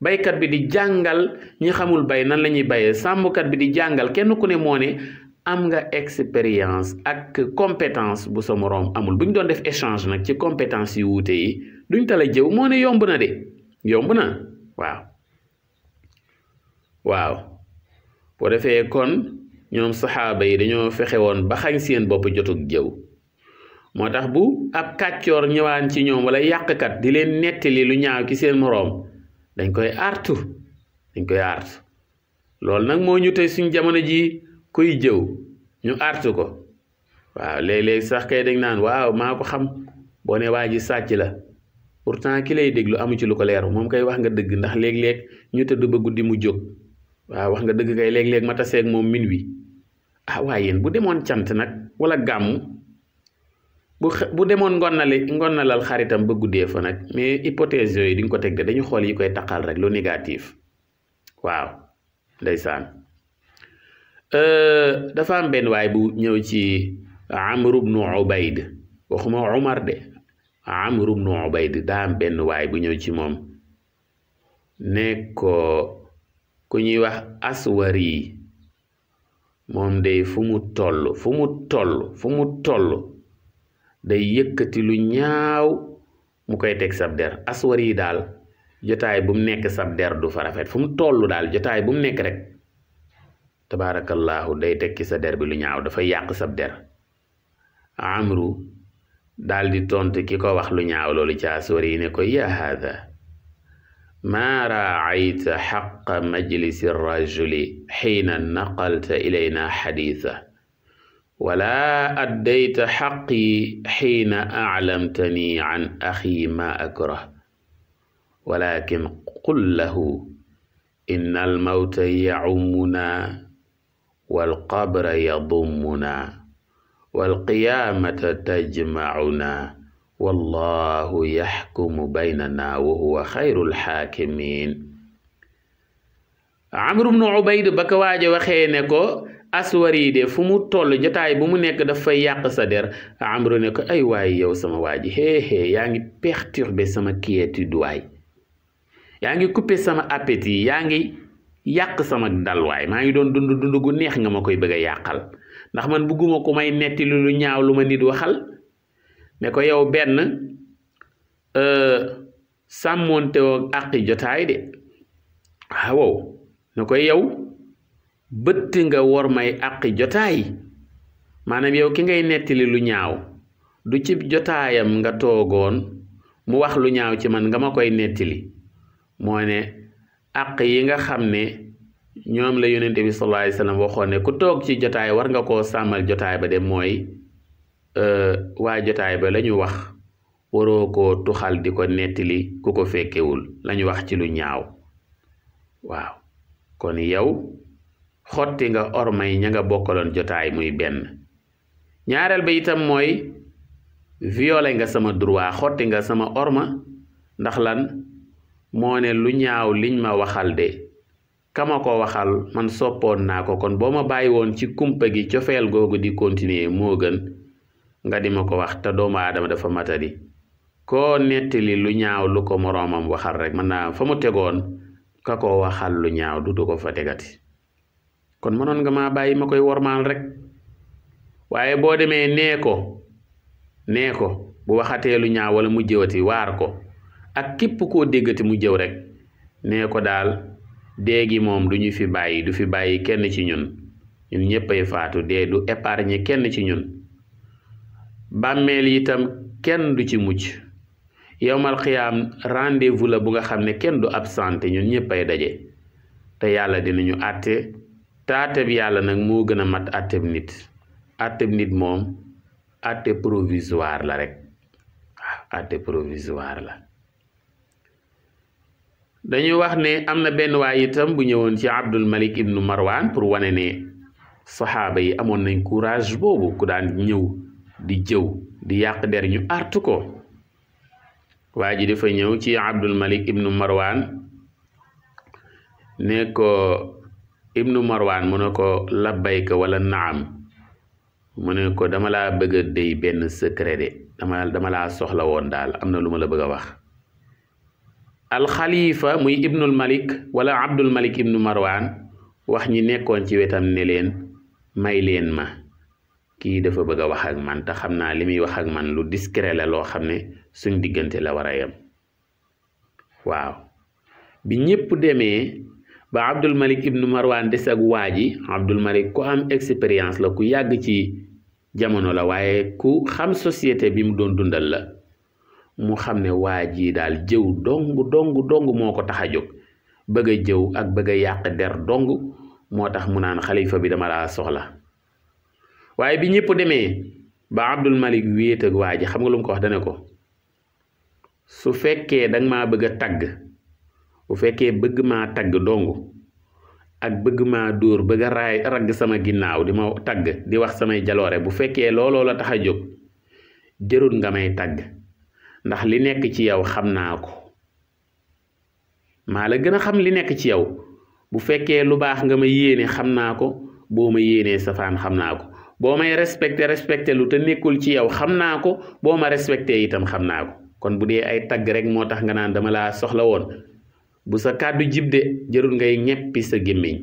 [SPEAKER 1] baykat bi di jàngal ñi xamul bay nan la ñuy bayee sàmmkat bi di jàngal kenn ku ne moo ne am nga expérience ak compétence bu sa moroom amul bu ñu doon def échange nag ci compétence yu wuute yi duñ tala jëw moo ne yomb na de yomb na waaw waaw boo defee kon ñoom saxaaba yi dañoo fexe woon ba xañ seen bopp jotug jëw moo tax bu ab kàccoor ñëwaan ci ñoom wala yàqkat di leen nettali lu ñaaw ci seen moroom dañ koy artu dañ koy artu loolu nag moo ñu tey suñ jamono ji kuy jëw ñu artu ko waaw léeg-léeg sax kay dañ naan waaw maa ko xam boo ne waa ji sàcc la pour pourtant ki lay déglu amu ci lu ko leeru moom kay wax nga dëgg ndax léeg-léeg ñu tëdd ba guddi mu jóg waaw wax nga dëgg kay léeg-léeg ma taseeg moom min wi ah waaye yéen bu demoon cant nag wala gàmm bu bu demoon ngonnali ngonnalal xaritam ba guddee fa nag mais hypothèse yooyu di nga ko teg de dañu xool yi koy taqal rek lu négatif waaw ndeysaan euh, dafa am benn waay bu ñëw ci Amr ibn Ubayd waxuma Umar de Amr ibn bu ñëw ci moom ne ku ñuy wax aswari moom de fu mu toll fu mu toll fu mu toll day yëkkati lu ñaaw mu koy teg sab der yi daal jotaay bu mu nekk sab du fa rafet fu mu toll daal jotaay bu mu nekk rek tabaarakallaahu day tekki sa der bi lu ñaaw dafay yàq sab der amru daal di tontu ki ko wax lu ñaaw loolu ci aswar yi ne ko yaa haada maa raayta xaqa majlisi rajuli xiina naqalta ilayna xadiisa wala addayta xaqi xiina aclamtani can axi ma akrah walakin qul lahu inna almawta yacummunaa walqabra yadummunaa walqiyaamata tajmacunaa wallahu yaxkumu baynanaa wa huwa xayru alxaakimiin Amru bnu Ubayd ba ko waaje waxee ne ko aswari yi de fu mu toll jotaay bu mu nekk daf fay yàq sa der amru ne ko ay waay yow sama waa ji hee hee yaa ngi perturber sama quiétude waay yaa ngi couper sama appétit yaa ngi yàq sama dalwaay maa ngi doon dund dund gu neex nga ma koy bëgg a yàqal ndax man bugguma ko may netti lu ñaaw lu ma nit waxal ne ko yow benn euh, sàmmoonte woo àqi jotaay de ah, waaw ne ko yow bëtt nga wor may àqi jotaay maanaam yow ki ngay nettali lu ñaaw du ci jotaayam nga toogoon mu wax lu ñaaw ci man nga ma koy nettali moo ne àq yi nga xam ne ñoom la yonente bi sallallahu alayhi waxoon ne ku toog ci jotaay war nga koo sàmmal jotaay ba de mooy euh, waa jotaay ba la wax waroo koo tuxal di ko nettali ku ko fekkewul lañu wax ci lu ñaaw waaw kon yow xotti nga ormay ña nga bokkaloon jotaay muy benn ñaareel ba itam mooy violé nga sama droit xotti nga sama orma ndax lan moo ne lu ñaaw liñ ma waxal de kama ko waxal man soppoon naa ko kon boo ma bàyyi woon ci kumpa gi cofeel googu di continuer moo gën nga di ma ko wax te doomu aadama dafa matadi koo nettali lu ñaaw lu ko moroomam waxal rek mën naa fa mu tegoon ka ko waxal lu ñaaw du du ko fa tegati kon mënoon nga maa bàyyi ma koy wormaal rek waaye boo demee nee ko nee ko bu waxatee lu ñaaw wala mu jëwati waar ko ak képp koo déggati mu jëw rek nee ko daal déegi moom du ñu fi bàyyi du fi bàyyi kenn ci ñun ñun ñëpp faatu dee du épargne kenn ci ñun bàmmeel itam kenn du ci mujj yowmal xiyaam rendez-vous la bu nga xam ne kenn du absenté ñun ñëpp ay daje te yàlla dinañu àtte tateb yàlla nag moo gën a mat àtteb nit moom àtte provisoire la rek waaw àtte provisoire la dañuy wax ne am na benn waay itam bu ñëwoon ci Abdul Malik ibnu Marwan pour wane ne saxaaba yi amoon nañ courage boobu ku daan ñëw di jëw di yàq der ñu artu ko waa ji dafa ñëw ci Abdul Malik ibnu Marwan ne ibnu marwaan mu ne ko labbayka wala naam mu ne ko dama laa bëgg a benn secret de dama dama laa soxla woon daal am na lu ma la bëgg a wax alxalifa muy ibnul malik wala abdul malik ibnu marwaan wax ñi nekkoon ci wetam ne leen may leen ma kii dafa bëgg a wax man te xam naa li muy wax ak man lu discret la loo xam ne suñ diggante la war a yem waaw bi ñépp demee ba Abdul Malik ibnu des ak waa ji Abdul Malik ku am expérience la ku yàgg ci jamono la waaye ku xam société bi mu doon dundal la mu xam ne waa ji daal jëw dong dong dong moo ko tax a jóg bëgg jëw ak bëgg yàq der dong moo tax mu naan xalifa bi dama laa soxla waaye bi ñëpp demee ba Abdul Malik wéet ak waa ji xam nga lu mu ko wax dane ko su fekkee danga maa bëgg a tagg bu fekkee bëgg maa tagg dong ak bëgg maa dóor bëgg a raay ragg sama ginnaaw di ma tagg di wax samay jaloore bu fekkee looloo la tax a jóg jërul nga may tagg ndax li nekk ci yow xam naa ko maa la gën a xam li nekk ci yow bu fekkee lu baax nga ma yéene xam naa ko boo ma yéenee safaan xam naa boo may respecté respecté lu te nekkul ci yow xam naa ko boo ma respecté itam xam naa ko kon bu dee ay tagg rek moo tax nga naan dama laa soxla woon bu sa kàddu jib de jërul ngay ñeppi sa gémmiñ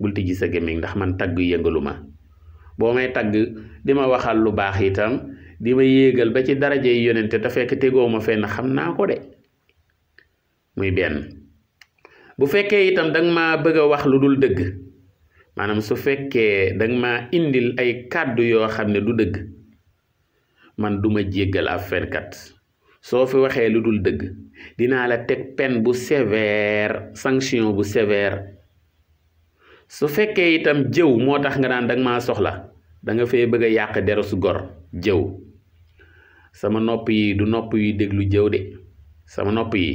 [SPEAKER 1] bul tijji sa gémmiñ ndax man tagg yëngalu ma boo may tagg di ma waxal lu baax itam di ma yéegal ba ci daraje yi yonente te fekk tegoo ma fenn xam naa ko de muy benn bu fekkee itam danga ma bëgg a wax lu dul dëgg maanaam su fekkee danga ma indil ay kàddu yoo xam ne du dëgg man duma jéggal ab fenkat soo fi waxee lu dul dëgg dinaa la teg peine bu sévère sanction bu sévère su fekkee itam jëw moo tax nga naan danga maa soxla danga nga fee bëgg a yàq deru su gor jëw sama nopp yi du nopp yi déglu jëw de sama nopp yi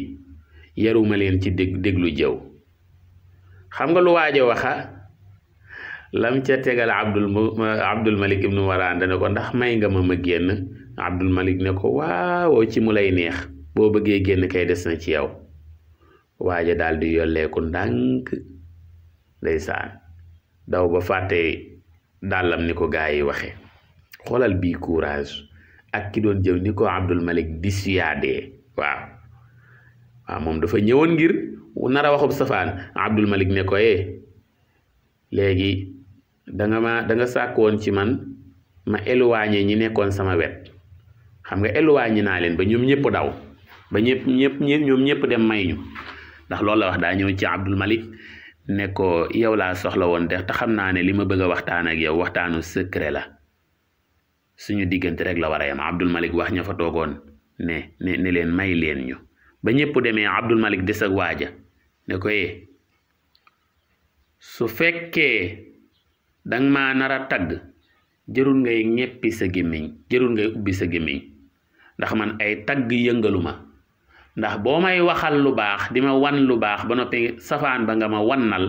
[SPEAKER 1] yaruma leen ci dégg déglu jëw xam nga lu waajo waxa lam ca tegal abdul abdul malik ibnu waraan dana ko ndax may nga ma ma génn abdul malik ne ko waaw ci mu lay neex boo bëggee génn kay des na ci yow waaja daal di yolleeku ndànk ndeysaan daw ba fàtte dàllam ni ko gaa yi waxe xolal bii courage ak ki doon jëw ni ko abdul malik di siyaadee waaw waaw moom dafa ñëwoon ngir nara waxub safaan abdul malik ne ko ee eh, léegi danga ma danga sàkk woon ci man ma éloigné ñi nekkoon sama wet xam nga éloigné naa leen ba ñoom ñëpp daw ba ñëpp ñëpp ñoom ñëpp dem may ñu ndax loolu la wax daa ñëw ci Abdul Malik ne ko yow laa soxla woon de te xam naa ne li ma bëgg a waxtaan ak yow waxtaanu secret la suñu diggante rek la war a yem Abdul Malik wax ña fa toogoon ne ne ne leen may leen ñu ba ñëpp demee Abdul Malik desag waaja ne ko eh, su fekkee danga ma nar a tagg jërul ngay ñeppi sa gémmiñ jërul ngay ubbi sa gémmiñ ndax man ay tagg yëngalu ma ndax boo may waxal lu baax di ma wan lu baax ba noppi safaan ba nga ma wannal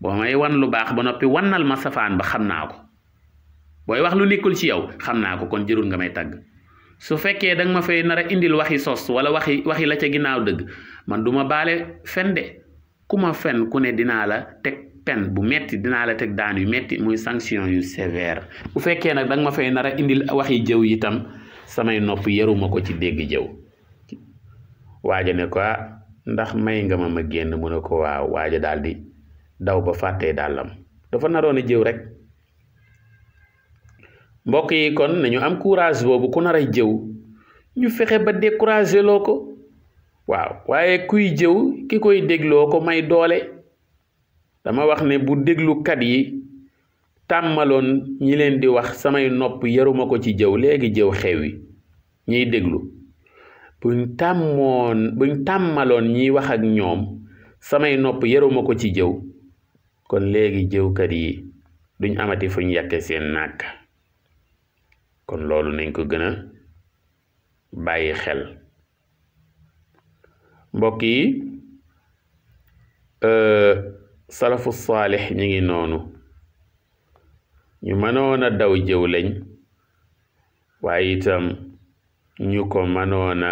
[SPEAKER 1] boo may wan lu baax ba noppi wannal ma safaan ba xam naa ko booy wax lu nekkul ci yow xam naa ko kon jërul nga may tagg su fekkee danga ma fay nar a indil waxi sos wala waxi waxi la ca ginnaaw dëgg man du ma baale fen de ku ma fen ku ne dinaa la teg pen bu metti dinaa la teg daan yu metti muy sanction yu sévère bu fekkee nag danga ma fay nar a indil waxi jëw itam samay nopp yaruma ko ci dégg jëw waaja ne ko ah, ndax may nga ma ma génn mu ne ko waaw waaja daal di daw ba fàttee dàllam dafa naroon a jëw rek mbokk yi kon nañu am courage boobu ku nar a jëw ñu fexe ba découragé loo ko waaw waaye kuy jëw ki koy dégloo ko may doole dama wax ne bu déglukat yi tàmmaloon ñi leen di wax samay nopp yaruma ko ci jëw léegi jëw xew yi ñiy déglu buñ tàmmoon buñ tàmmaloon ñiy wax ak ñoom samay nopp yaruma ko ci jëw kon léegi jëwkat yi duñ amati fuñ yàkke seen nàkk kon loolu nañ ko gën a bàyyi xel mbokk yi euh, salafu saalix ñi ngi noonu ñu mënoon a daw jëw lañ waaye itam ñu ko mënoon a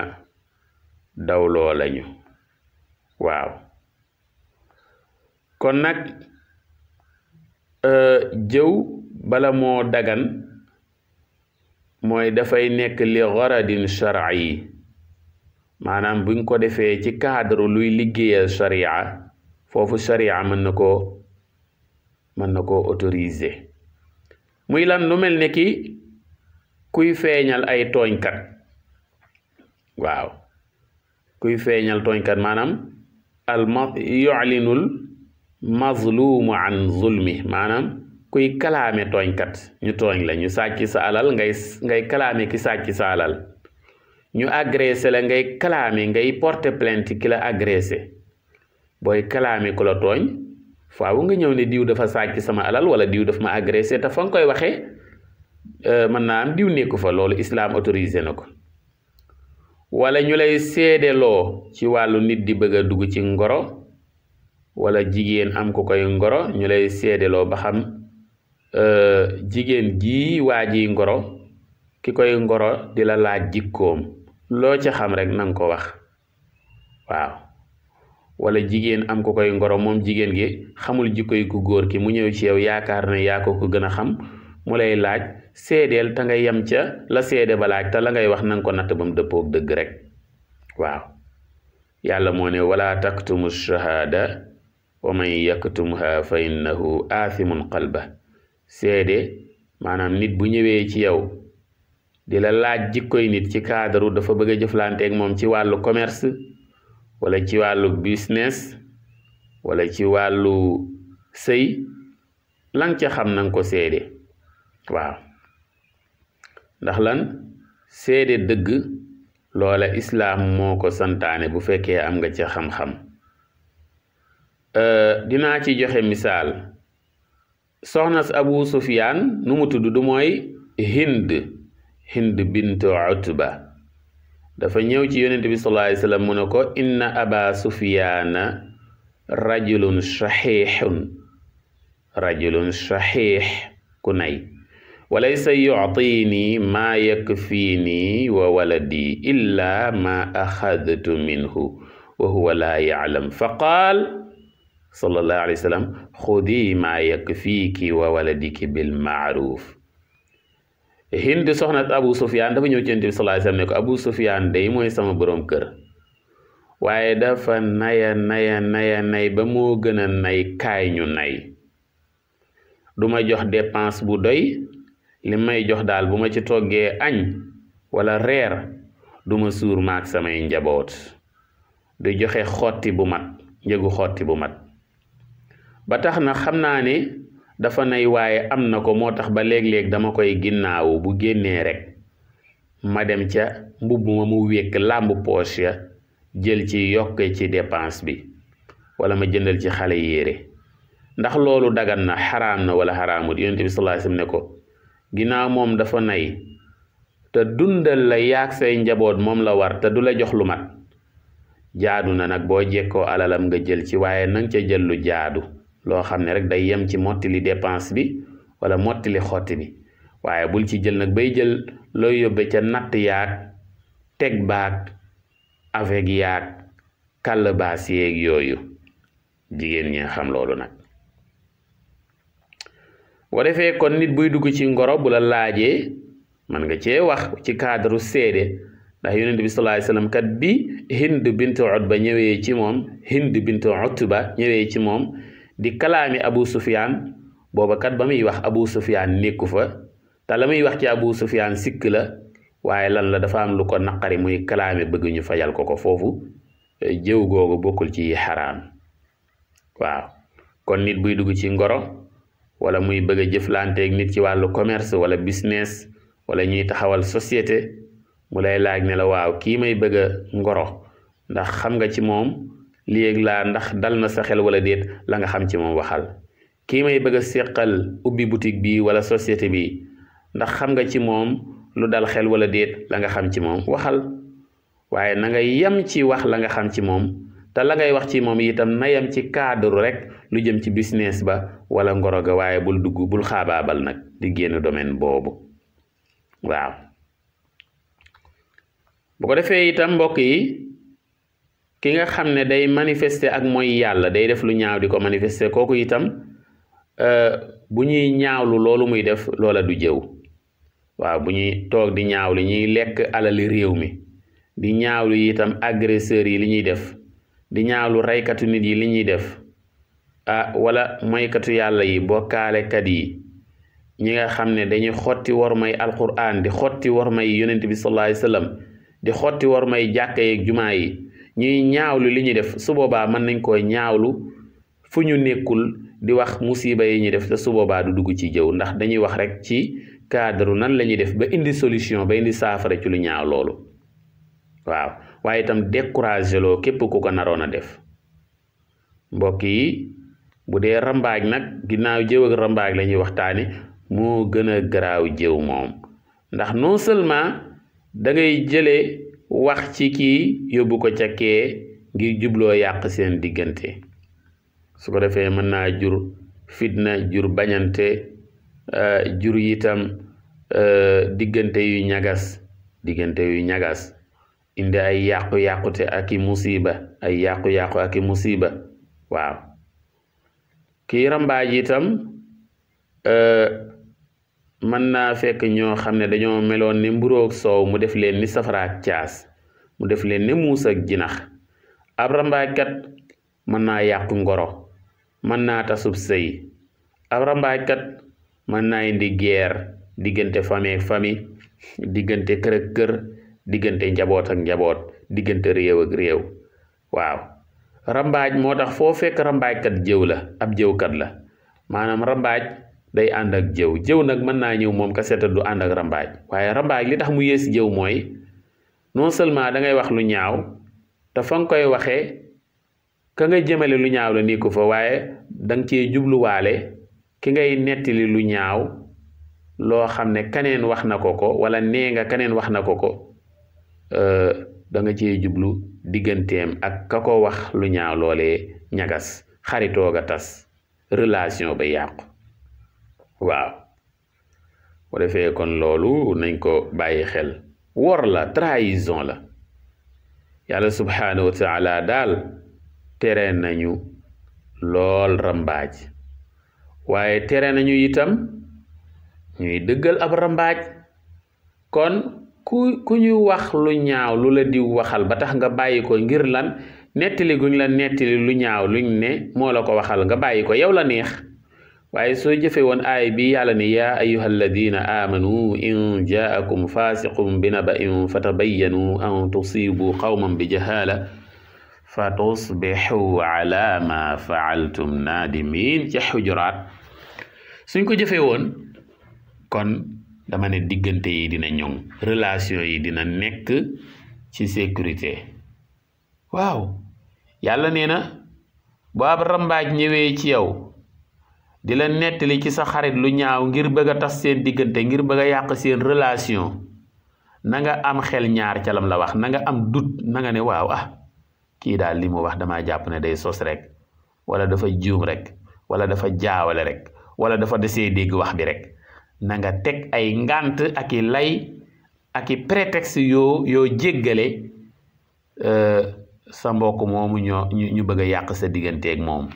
[SPEAKER 1] dawloo lañu waaw kon nag euh, jëw bala moo dagan mooy dafay nekk li garadin shar'i maanaam buñ ko defee ci cadre luy liggéeya sharia foofu sharia mën na koo mën na koo autoriser muy lan lu mel ni kii kuy feeñal ay tooñkat waaw kuy feeñal tooñkat maanaam al ma yu'linul mazlumu an zulmi maanaam kuy kalaame tooñkat ñu tooñ la ñu sàcc sa alal ngay ngay kalaame ki sàcc sa alal ñu agressé la ngay kalaame ngay porte plainte ki la agressé booy kalaame ku la tooñ faaw nga ñëw ne diw dafa sàcc sama alal wala diw dafa ma agressé te fa nga koy waxee euh, mën naa am diw nekku fa loolu islaam autorisé na ko wala ñu lay seedeloo ci wàllu nit di bëgg a dugg ci ngoro wala jigéen am ko koy ngoro ñu lay seedeloo ba xam euh, jigéen ji waa ji ngoro ki koy ngoro di la laaj jikkoom loo ci xam rek nga ko wax waaw wala jigéen am ko koy ngoro moom jigéen gi xamul jikkoy ku góor ki mu ñëw ci yow yaakaar na yaa ko ko gën a xam mu lay laaj seedeel te nga yem ca la seede ba laaj te la ngay wax nanga ko natt ba mu dëgg rek waaw moo ne wala taktumu shahaada wa man yaktumha fa innahu aathimun maanaam nit bu ñëwee ci yow di la laaj jikkoy nit ci cadre dafa bëgg a jëflanteeg moom ci wàllu commerce wala ci wàllu business wala ci wàllu sëy lan ca xam nanga ko seede waaw ndax lan seede dëgg loola islaam moo ko santaane bu fekkee am nga ca xam-xam euh, dinaa ci joxe misaal soxnas abu sufiyaan nu mu tudd du mooy hind hind bint utba dafa ñëw ci yonent bi sallallahu alayhi wasallam mu ne ko inna aba sufiyaana rajulun shaxiixun rajulun shaxiix ku nay walaysa yuctiini maa yakfiini wa waladi illa ma axadtu minhu wa huwa laa yaclam fa qaal sallallahu alayhi wa sallam xudi maa yakfiiki wa waladiki bilmacruuf Hind di soxna Abu Sufyaan dafa ñëw ci Yonent bi sallallahu ne ko Abu Sufyaan day mooy sama boroom kër waaye dafa naya naya naya nay ba moo gën a nay kaay ñu nay duma jox dépense bu doy li may jox daal bu ma ci toggee añ wala reer duma ma suur maak samay njaboot di joxe xotti bu mat njëgu xotti bu mat ba tax na xam naa ne dafa nay waaye am na ko moo tax ba léeg-léeg dama koy ginnaawu bu génnee rekk ma dem ca mbubb ma mu wékk làmb poos ya jël ci yokke ci depanse bi wala ma jëndal ci xale yére ndax loolu dagan na xaraam na wala xaraamu yonent bi sallallahu alayhi wasallam ne ko ginnaaw moom dafa nay te dundal la yaag say njaboot moom la war te du la jox lu mat jaadu na nag boo jekkoo alalam nga jël ci waaye nang ca jël lu jaadu loo xam ne rek day yem ci mottili dépense bi wala mottili xotti bi waaye bul ci jël nag bay jël looy yóbbe ca natt yaag teg baag avec yaag kàllbaas yeeg yooyu jigéen ñi xam loolu nag boo defee kon nit buy dugg ci ngoro bu la laajee man nga cee wax ci cadre seede ndax yonent bi sallallahu kat bi hind bint ba ñëwee ci moom hind bint utba ñëwee ci moom di kalaami abu sufiyaan booba kat ba muy wax abu sufiyaan nekku fa te muy wax ci abu sufiyaan sikk la waaye lan la dafa am lu ko naqari muy kalaami bëgg ñu fajal ko ko foofu jëw googu bokkul ci xaraam waaw kon nit buy dugg ci ngoro wala muy bëgg a jëflanteeg nit ci wàllu commerce wala business wala ñuy taxawal société mu lay laaj ne la waaw kii may bëgg ngoro ndax xam nga ci moom lii ak laa ndax dal na sa xel wala déet la nga xam ci moom waxal kii may bëgg a seqal ubbi boutique bi wala société bi ndax xam nga ci moom lu dal xel wala déet la nga xam ci moom waxal waaye na nga yem ci wax la nga xam ci moom te la ngay wax ci moom itam na yem ci cadre rek lu jëm ci business ba wala ngoro ga waaye bul dugg bul xaabaabal nag di génn domaine boobu waaw bu ko defee itam mbokk yi ki nga xam ne day manifester ak mooy yàlla day def lu ñaaw di ko manifester kooku itam euh, bu ñuy ñaawlu loolu muy def loola du jëw waaw bu ñuy toog di ñaawlu ñuy lekk alali réew mi di ñaawlu itam agresseurs yi li ñuy def di ñaawlu reykatu nit yi li ñuy def ah wala moykatu yàlla yi bokkaalekat yi ñi nga xam ne dañuy xotti war may alquran di xotti war may yonent bi sallallahu alayhi di xotti war may jàkka yeeg jumaa yi ñuy lu lu ñuy def su boobaa mën nañ koy ñaawlu fu ñu nekkul di wax musiba yi ñuy def te su boobaa du dugg ci jëw ndax dañuy wax rek ci cadre nan la ñuy def ba indi solution ba indi saafara ci lu ñaaw loolu waaw waaye itam découragé loo képp ku ko naroon a def mbokk yi bu dee rambaaj nag ginnaaw jëw ak rambaaj la ñuy waxtaane moo gën a garaaw jëw moom ndax non seulement da ngay wax ci ki yóbbu ko ca kee ngir jubloo yàq seen diggante su ko defee mën naa jur fitna jur bañante euh, jur yitam euh, diggante yu ñagas diggante yu ñagas indi ay yàqu-yàqute ak i musiba ay yàqu-yàqu aki i musiba waaw kii rambaaj itam euh, mën naa fekk ñoo xam ne dañoo meloon ni mburoog soow mu def leen ni safaraak caas mu def leen ni muus jinax ab rambaajkat mën naa yàq ngoro mën naa tasub sëy ab rambaajkat mën naa indi guerre diggante famille ak diggante kër kër diggante njaboot ak njaboot diggante réew ak réew waaw rambaaj moo tax foo fekk rambaajkat jëw la ab jëwkat la maanaam rambaaj day ànd ak jëw jëw nag mën naa ñëw moom kaseta du ànd ak rambaaj waaye rambaaj li tax mu yées jëw mooy non seulement da ngay wax lu ñaaw te fa nga koy waxee ka nga jëmale lu ñaaw la nii ko fa waaye danga cee jubluwaale ki ngay nettali lu ñaaw loo xam ne kaneen wax na ko ko wala nee nga kaneen wax na ko ko euh, da nga cee jublu digganteem ak ka ko wax lu ñaaw loolee ñagas xaritoo ga tas relation ba yàqu waaw bu defee kon loolu nañ ko bàyyi xel wor la trahison la yàlla subhaanahu wa daal tere nañu lool rambaaj waaye tere nañu itam ñuy dëggal ab rambaaj kon ku ku ñu wax lu ñaaw lu la diw waxal ba tax nga bàyyi ko ngir lan nettali guñ la nettali lu ñaaw luñ ne moo la ko waxal nga bàyyi ko yow la neex waaye soo jëfe woon aay bi yàlla ne yaa ayuha alladina aamanu in jaakum faasiqum bi naba in fatabayyanu an tusibu qawman bi jahaala fa tusbixu ala ma faaltum naadimin ca xujuraat suñ ko jëfee woon kon dama ne diggante yi dina ñoŋ relation yi dina nekk ci sécurité waaw yàlla nee na bu ab rambaaj ñëwee ci yow di la nettali ci sa xarit lu ñaaw ngir bëgg a tas seen diggante ngir bëgg a yàq seen relation na nga am xel ñaar calam la wax nanga am dut na nga ne waaw ah kii daal li mu wax damaa jàpp ne day sos rek wala dafa juum rek walla dafa jaawale rek wala dafa desee dégg wax bi rek nanga teg ay ngànt ak lay ak i prétexte yoo yoo jéggale euh, sa mbokk moomu ñoo ñu bëgg a yàq sa digganteeg moom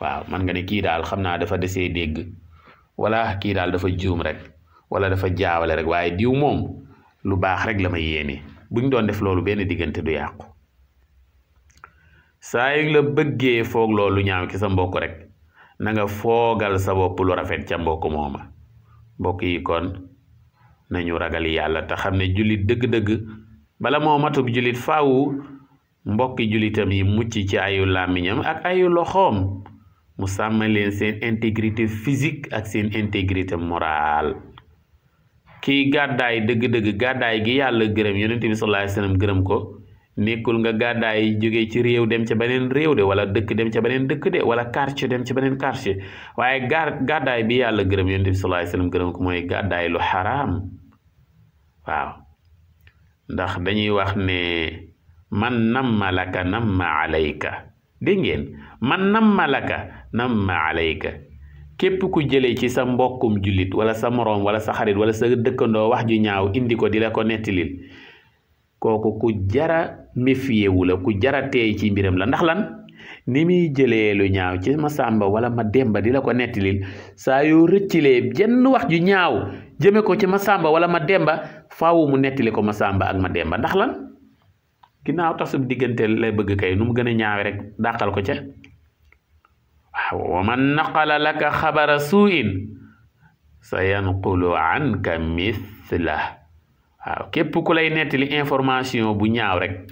[SPEAKER 1] waaw man nga ne kii daal xam naa dafa desee dégg wala kii daal dafa juum rekk wala dafa jaawale rek waaye diw moom lu baax rek la ma yéene buñ doon def loolu benn diggante du yàqu saa yu la bëggee foog loolu ñaaw ki sa mbokk rekk nanga foogal sa bopp lu rafet ca mbokk mooma mbokk yi kon nañu ragal yàlla te xam ne jullit dëgg-dëgg bala moo matub jullit faawu mbokki jullitam yi mucc ci ayu làmmiñam ak ayu loxoom mu sàmmal leen seen intégrité physique ak seen intégrité morale kii gàddaay dëgg-dëgg gàddaay gi yàlla gërëm yonent bi sallallahu alayhi gërëm ko nekkul nga gàddaay jóge ci réew dem ca beneen réew de wala dëkk dem ca beneen dëkk de wala quartier dem ca beneen quartier waaye gar gàddaay bi yàlla gërëm yonent bi sallallahu alayhi gërëm ko mooy gàddaay lu xaraam waaw ndax dañuy wax ne man nammalaka namma alayka dégg ngeen man nammalaka namma alayka képp ku jëlee ci sa mbokkum jullit wala sa morom wala sa xarit wala sa dëkkandoo wax ju ñaaw indi ko di la ko nettilil kooku ku jara méfiyewu la ku jara ci mbiram la ndax lan ni muy jëlee lu ñaaw ci ma sàmba wala ma demba di la ko nettilil saa yoo rëccilee jenn wax ju ñaaw jëme ko ci ma sàmba wala ma demba faawu mu nettili ko ma sàmba ak ma demba ndax lan ginnaaw tax su diggante lay bëgg kay nu mu gën a ñaawe rek dàqal ko ca wa man naqala laka xabara suu'in sa yanqulu anka mithla waaw képp ku lay nettali information bu ñaaw rek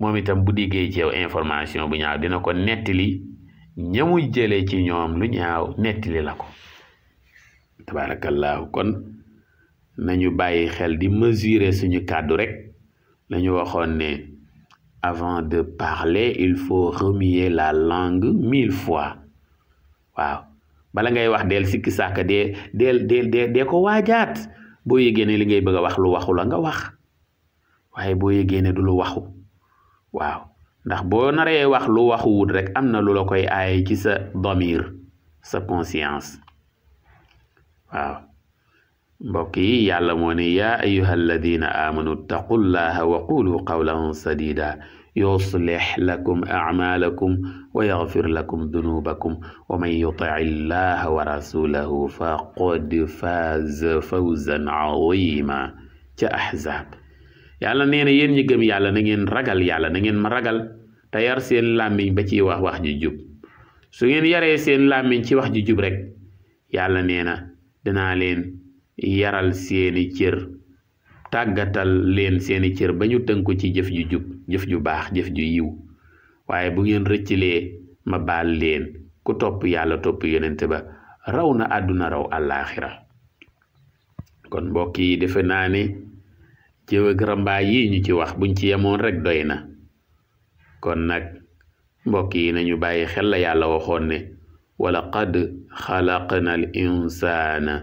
[SPEAKER 1] moom itam bu diggee ci yow information bu ñaaw dina ko nettali ñamu jële ci ñoom lu ñaaw nettali la ko tabaarakallaahu kon nañu bàyyi xel di mesurer suñu kàddu rek lañu waxoon ne avant de parler il faut remuer la langue mille fois waaw bala ngay wax del sikki sàkk dee del del dee ko waajaat boo yëgee ne ngay bëgg wax lu waxu la nga wax waaye boo yëgee ne du lu waxu waaw ndax boo naree wax lu waxu wut rek am na lu la koy aaye ci sa domir sa conscience waaw mbokk yi yàlla moo ne yaa ayuha alladina amanu ittaqullaha wa qulu qawlan sadida يصلح لكم أعمالكم ويغفر لكم ذنوبكم ومن يطع الله ورسوله فقد فاز فوزا عظيما ca Ahzab yàlla nee na yéen ñi gëm yàlla na ngeen ragal yàlla na ngeen ma ragal te yar seen làmmiñ ba ci wax wax ju jub su ngeen yaree seen làmmiñ ci wax ju jub rek yàlla nee na dinaa leen yaral seeni cër tàggatal leen seeni cër ba ñu tënku ci jëf ju jub jëf ju baax jëf ju yiw waaye bu ngeen rëccilee ma baal leen ku topp yàlla topp yonente ba raw na àdduna raw àllaaxira kon mbokk yi defe naa ne jëw ak rambaay yi ñu ci wax buñ ci yemoon rek doy na kon nag mbokk yi nañu bàyyi xel la yàlla waxoon ne wala qad xalaqna al insaana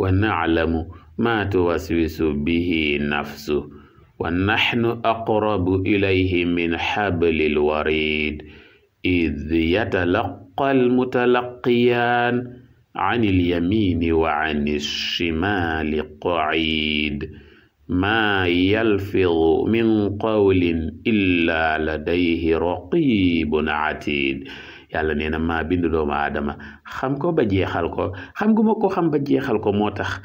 [SPEAKER 1] wa naalamu ma tuwaswisu bihi nafsu wa naxnu aqrabu ilayhi min xablil warid id yatalaqa almutalaqiyaan an ilyamini wa an alshimali qacid maa yalfidu min qawlin illa ladayhi raqibun atid yàlla nee na maa bind doomu aadama xam ko ba jeexal ko xam gu ma ko xam ba jeexal ko moo tax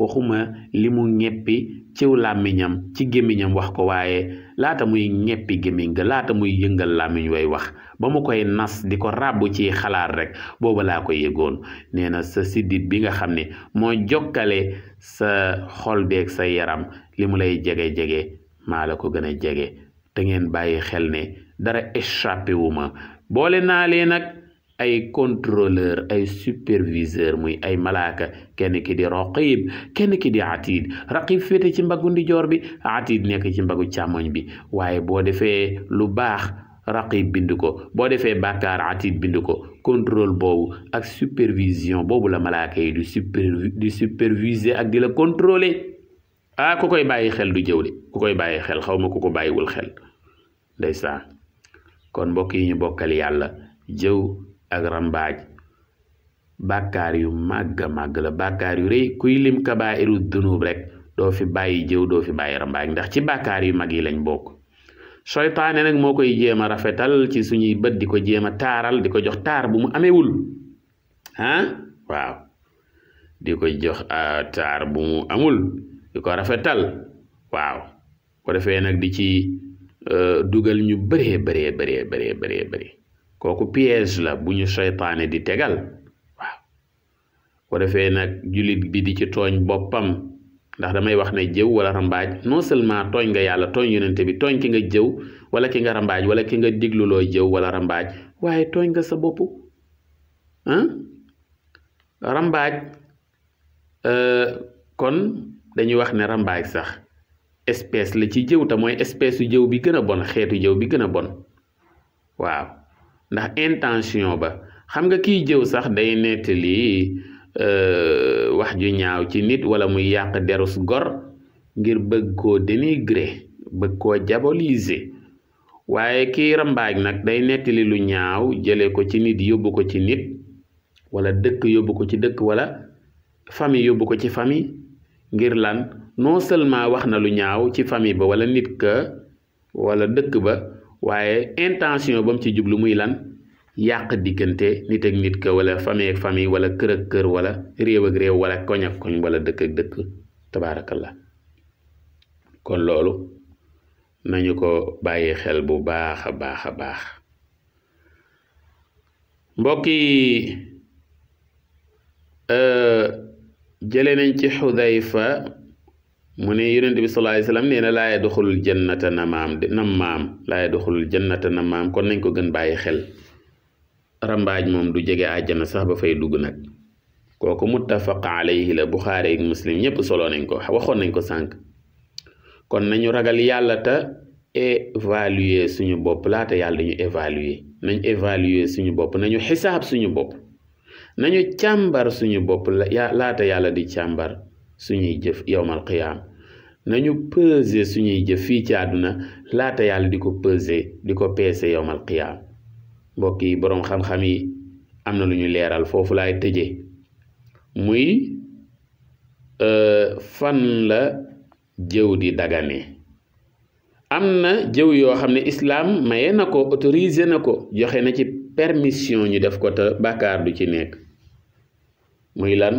[SPEAKER 1] waxuma li mu ñeppi ciw làmmiñam ci gémmiñam wax ko waaye laata muy ñeppi gémmiñ ga laata muy yëngal làmmiñ way wax ba mu koy nas di ko ràbb ci xalaat rek booba laa ko yëgoon nee na sa siddit bi nga xam ne moo jokkale sa xol beeg sa yaram li mu lay jege-jege maa la ko gën a jege te ngeen bàyyi xel ne dara échappé wu ma boole ay contrôleur ay superviseur muy ay malaaka kenn ki di raqib kenn ki di atid raqib féete ci mbaggu ndijoor bi atid nekk ci mbagu càmmoñ bi waaye boo defee lu baax raqib bind ko boo defee bàkkaar atid bindu ko contrôle boobu ak supervision boobu la malaaka yi di supervi superviser ak di la contrôler ah ku koy bàyyi xel du jëw de ku koy bàyyi xel xaw ma ku ko bàyyiwul xel ndeysaan kon mbokk yi ñu bokkal yàlla jëw ak rambaaj bàkkaar yu màgg màgg la bàkkaar yu rëy kuy lim kabaa'iru dunuub rek doo fi bàyyi jëw doo fi bàyyi rambaaj ndax ci bàkkaar yu mag yi lañ bokk soytaane nag moo koy jéem a rafetal ci suñuy bët di ko jéem a taaral di ko jox taar bu mu amewul ah waaw di ko jox taar bu mu amul di ko rafetal waaw ko defee nag di ci euh, dugal ñu bëree bëree bëree bëree bëree kooku piège la bu ñu seytaane di tegal waaw ko defee nag jullit bi di ci tooñ boppam ndax damay wax ne jëw wala rambaaj non seulement tooñ nga yàlla tooñ yonente bi tooñ ki nga jëw wala ki nga rambaaj wala ki nga digluloo jëw wala rambaaj waaye tooñ nga sa bopp ah rambaaj euh, kon dañuy wax ne rambaaj sax espèce la ci jëw te mooy espèce u jëw bi gën a bon xeetu jëw bi gën a bon waaw ndax intention ba xam nga kiy jëw sax day nettali euh, wax ju ñaaw ci nit wala muy yàq derus gor ngir bëgg koo dénigrer bëgg koo diaboliser waaye kiy rambaaj nag day nettali lu ñaaw jële ko ci nit yóbbu ko ci nit wala dëkk yóbbu ko ci dëkk wala famille yóbbu ko ci famille ngir lan non seulement wax na lu ñaaw ci famille ba wala nit ka wala dëkk ba waaye intention ba mu ci jublu muy lan yàq diggante nit ak nit ka wala famille ak famille wala kër ak kër wala réew ak réew wala koñ ak koñ wala dëkk ak dëkk tabaarakallah kon loolu nañu ko bàyyi xel bu baax a baax a baax mbokk yi euh, jële nañ ci fa mu ne yonent bi sallallahu alayhi wasallam nee na laa yadxulul jannata namaam nammaam laa yadxulul jannata namaam kon nañ ko gën bàyyi xel rambaaj moom du jege àjjana sax ba fay dugg nag kooku muttafaq alayhi la buxaari ak muslim ñépp solo nañ ko waxoon nañ ko sànq kon nañu ragal yàlla te évaluer suñu bopp laata yàlla dañu évaluer nañ évaluer suñu bopp nañu xisaab suñu bopp nañu càmbar suñu bopp laata yàlla di càmbar suñuy jëf yowmal qiyaam nañu peser suñuy jëf fii ci àdduna laata yàlla di ko peser di ko peese yowmal qiyaam mbokk yi boroom xam-xam yi am na lu ñu leeral foofu laay tëjee muy euh, fan la jëw di dagane am na jëw yoo xam ne islaam maye na ko autorisé na ko joxe na ci permission ñu def ko te bàkkaar du ci nekk muy lan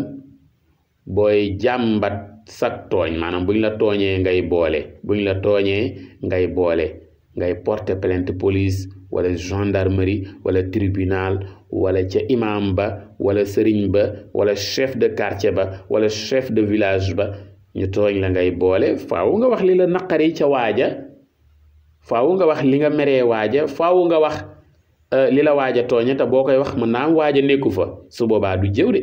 [SPEAKER 1] booy jàmbat sag tooñ maanaam bu ñu la tooñee ngay boole bu ñu la tooñee ngay boole ngay porter plainte police wala gendarmerie wala tribunal wala ca imam ba wala sëriñ ba wala chef de quartier ba wala chef de village ba ñu tooñ la ngay boole faaw nga wax li la naqari ca waaja faaw nga wax li nga meree waaja faaw nga wax euh, li la waaja tooñe te boo koy wax ma naam waaja nekku fa su boobaa du jëw de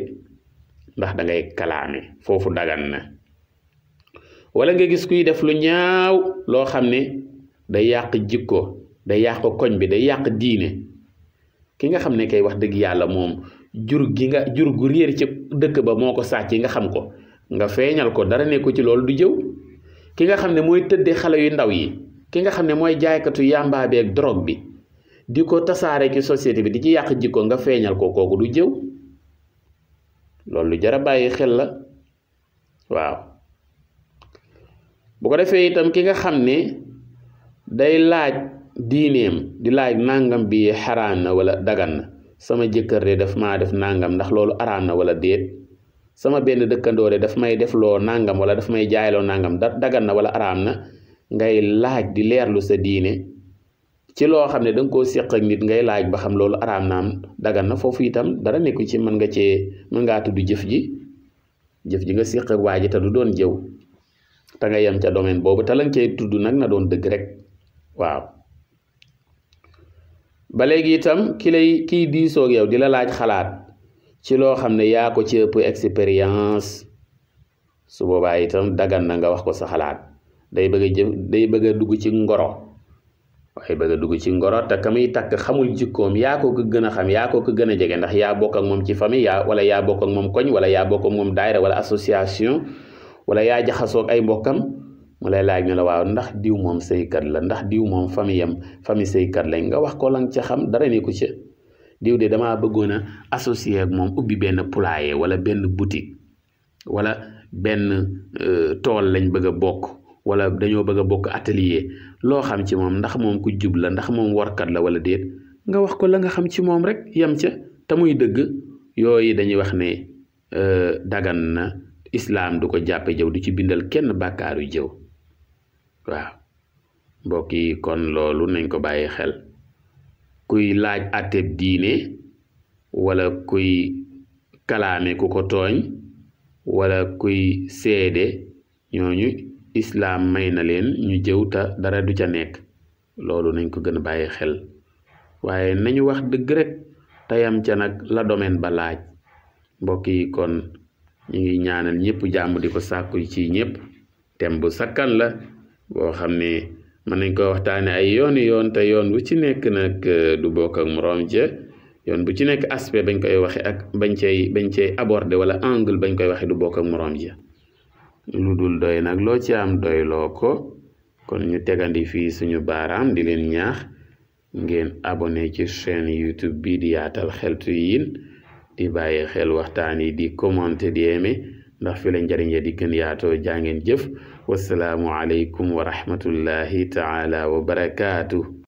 [SPEAKER 1] ndax dangay ngay kalaame foofu dagan na wala nga gis kuy def lu ñaaw loo xam ne day yàq jikko day yàq koñ bi day yàq diine ki nga xam ne kay wax dëgg yàlla moom jur gi nga jur gu réer ci dëkk ba moo ko sàcc nga xam ko nga feeñal ko dara ko ci loolu du jëw ki nga xam ne mooy tëddee xale yu ndaw yi ki nga xam ne mooy jaaykatu yàmbaa bi ak drogue bi di ko tasaare ci société bi di ci yàq jikko nga feeñal ko kooku du jëw loolu lu jar a bàyyi xel la waaw bu ko defee itam ki nga xam ne day laaj diineem di laaj nàngam bi xaraan na wala dagan na sama jëkkër de dafa maa def nangam ndax loolu araam na wala déet sama benn dëkkandoo de daf may defloo loo nangam wala daf may jaayloo nangam da dagan na wala araam na ngay laaj di leerlu sa diine ci loo xam ne da koo séq ak nit ngay laaj ba xam loolu araam naam dagan na foofu itam dara nekku ci mën nga cee mën tudd jëf ji jëf ji nga séq ak waa ji te du doon jëw te nga yem ca domaine boobu te lañ cay tudd nag na doon dëgg rek waaw ba léegi itam kilay lay kiy diisoo ak di la laaj xalaat ci loo xam ne yaa ko ci ëpp expérience su boobaa itam dagan na nga wax ko sa xalaat day bëgg a jëf day bëgg a dugg ci ngoro waaye bëgg dugg ci ngoro te ka takk xamul jikkoom yaa ko ko gën a xam yaa ko ko gën a jege ndax yaa bokk ak moom ci famille yaa wala yaa bokk moom koñ wala yaa bokk ak moom daayira wala association wala yaa jaxasoog ay mbokkam mu lay laaj ñu la waaw ndax diw moom sëykat la ndax diw moom famille am famille sëykat lañ nga wax ko lang ca xam dara ne ko ca diw de damaa bëggoon a associé moom ubbi benn poulailler wala benn boutique wala benn euh, tool lañ bëgg bokk wala dañoo bëgg a bokk atelier loo xam ci moom ndax moom ku jub la ndax moom warkat la wala déet nga wax ko la nga xam ci moom rek yem ca te muy dëgg yooyu dañuy wax ne euh, dagan na islaam du ko jàppe jëw du ci bindal kenn bàkkaaru jëw waaw mbokk yi kon loolu nañ ko bàyyi xel kuy laaj àtteeb diine walla kuy kalaame ku ko tooñ wala kuy seede ñooñu islaam may na leen ñu jëw ta dara du ca nekk loolu nañ ko gën a bàyyi xel waaye nañu wax dëgg rek teyam ca nag la domaine ba laaj mbokk kon ñu ngi ñaanal ñëpp jàmm di ko sàkku ci ñëpp tem bu sakkan la boo xam ne mën nañ ko waxtaane ay yooni yoon te yoon bu ci nekk nag euh, du bokk ak moroom ja yoon bu ci nekk aspect bañ koy waxe ak bañ cay bañ cay aborder wala angle bañ koy waxe du bokk ak moroom ja lu dul doy nag loo ci am doy loo ko kon ñu tegandi fii suñu baaraam di leen ñaax ngeen abonné ci chaîne YouTube bi di yaatal xeltu yiin di bàyyi xel waxtaan yi di commenter di ndax fi la njariñ ya di gën yaatoo jaa ngeen jëf wasalaamu aleykum wa rahmatullahi taala wa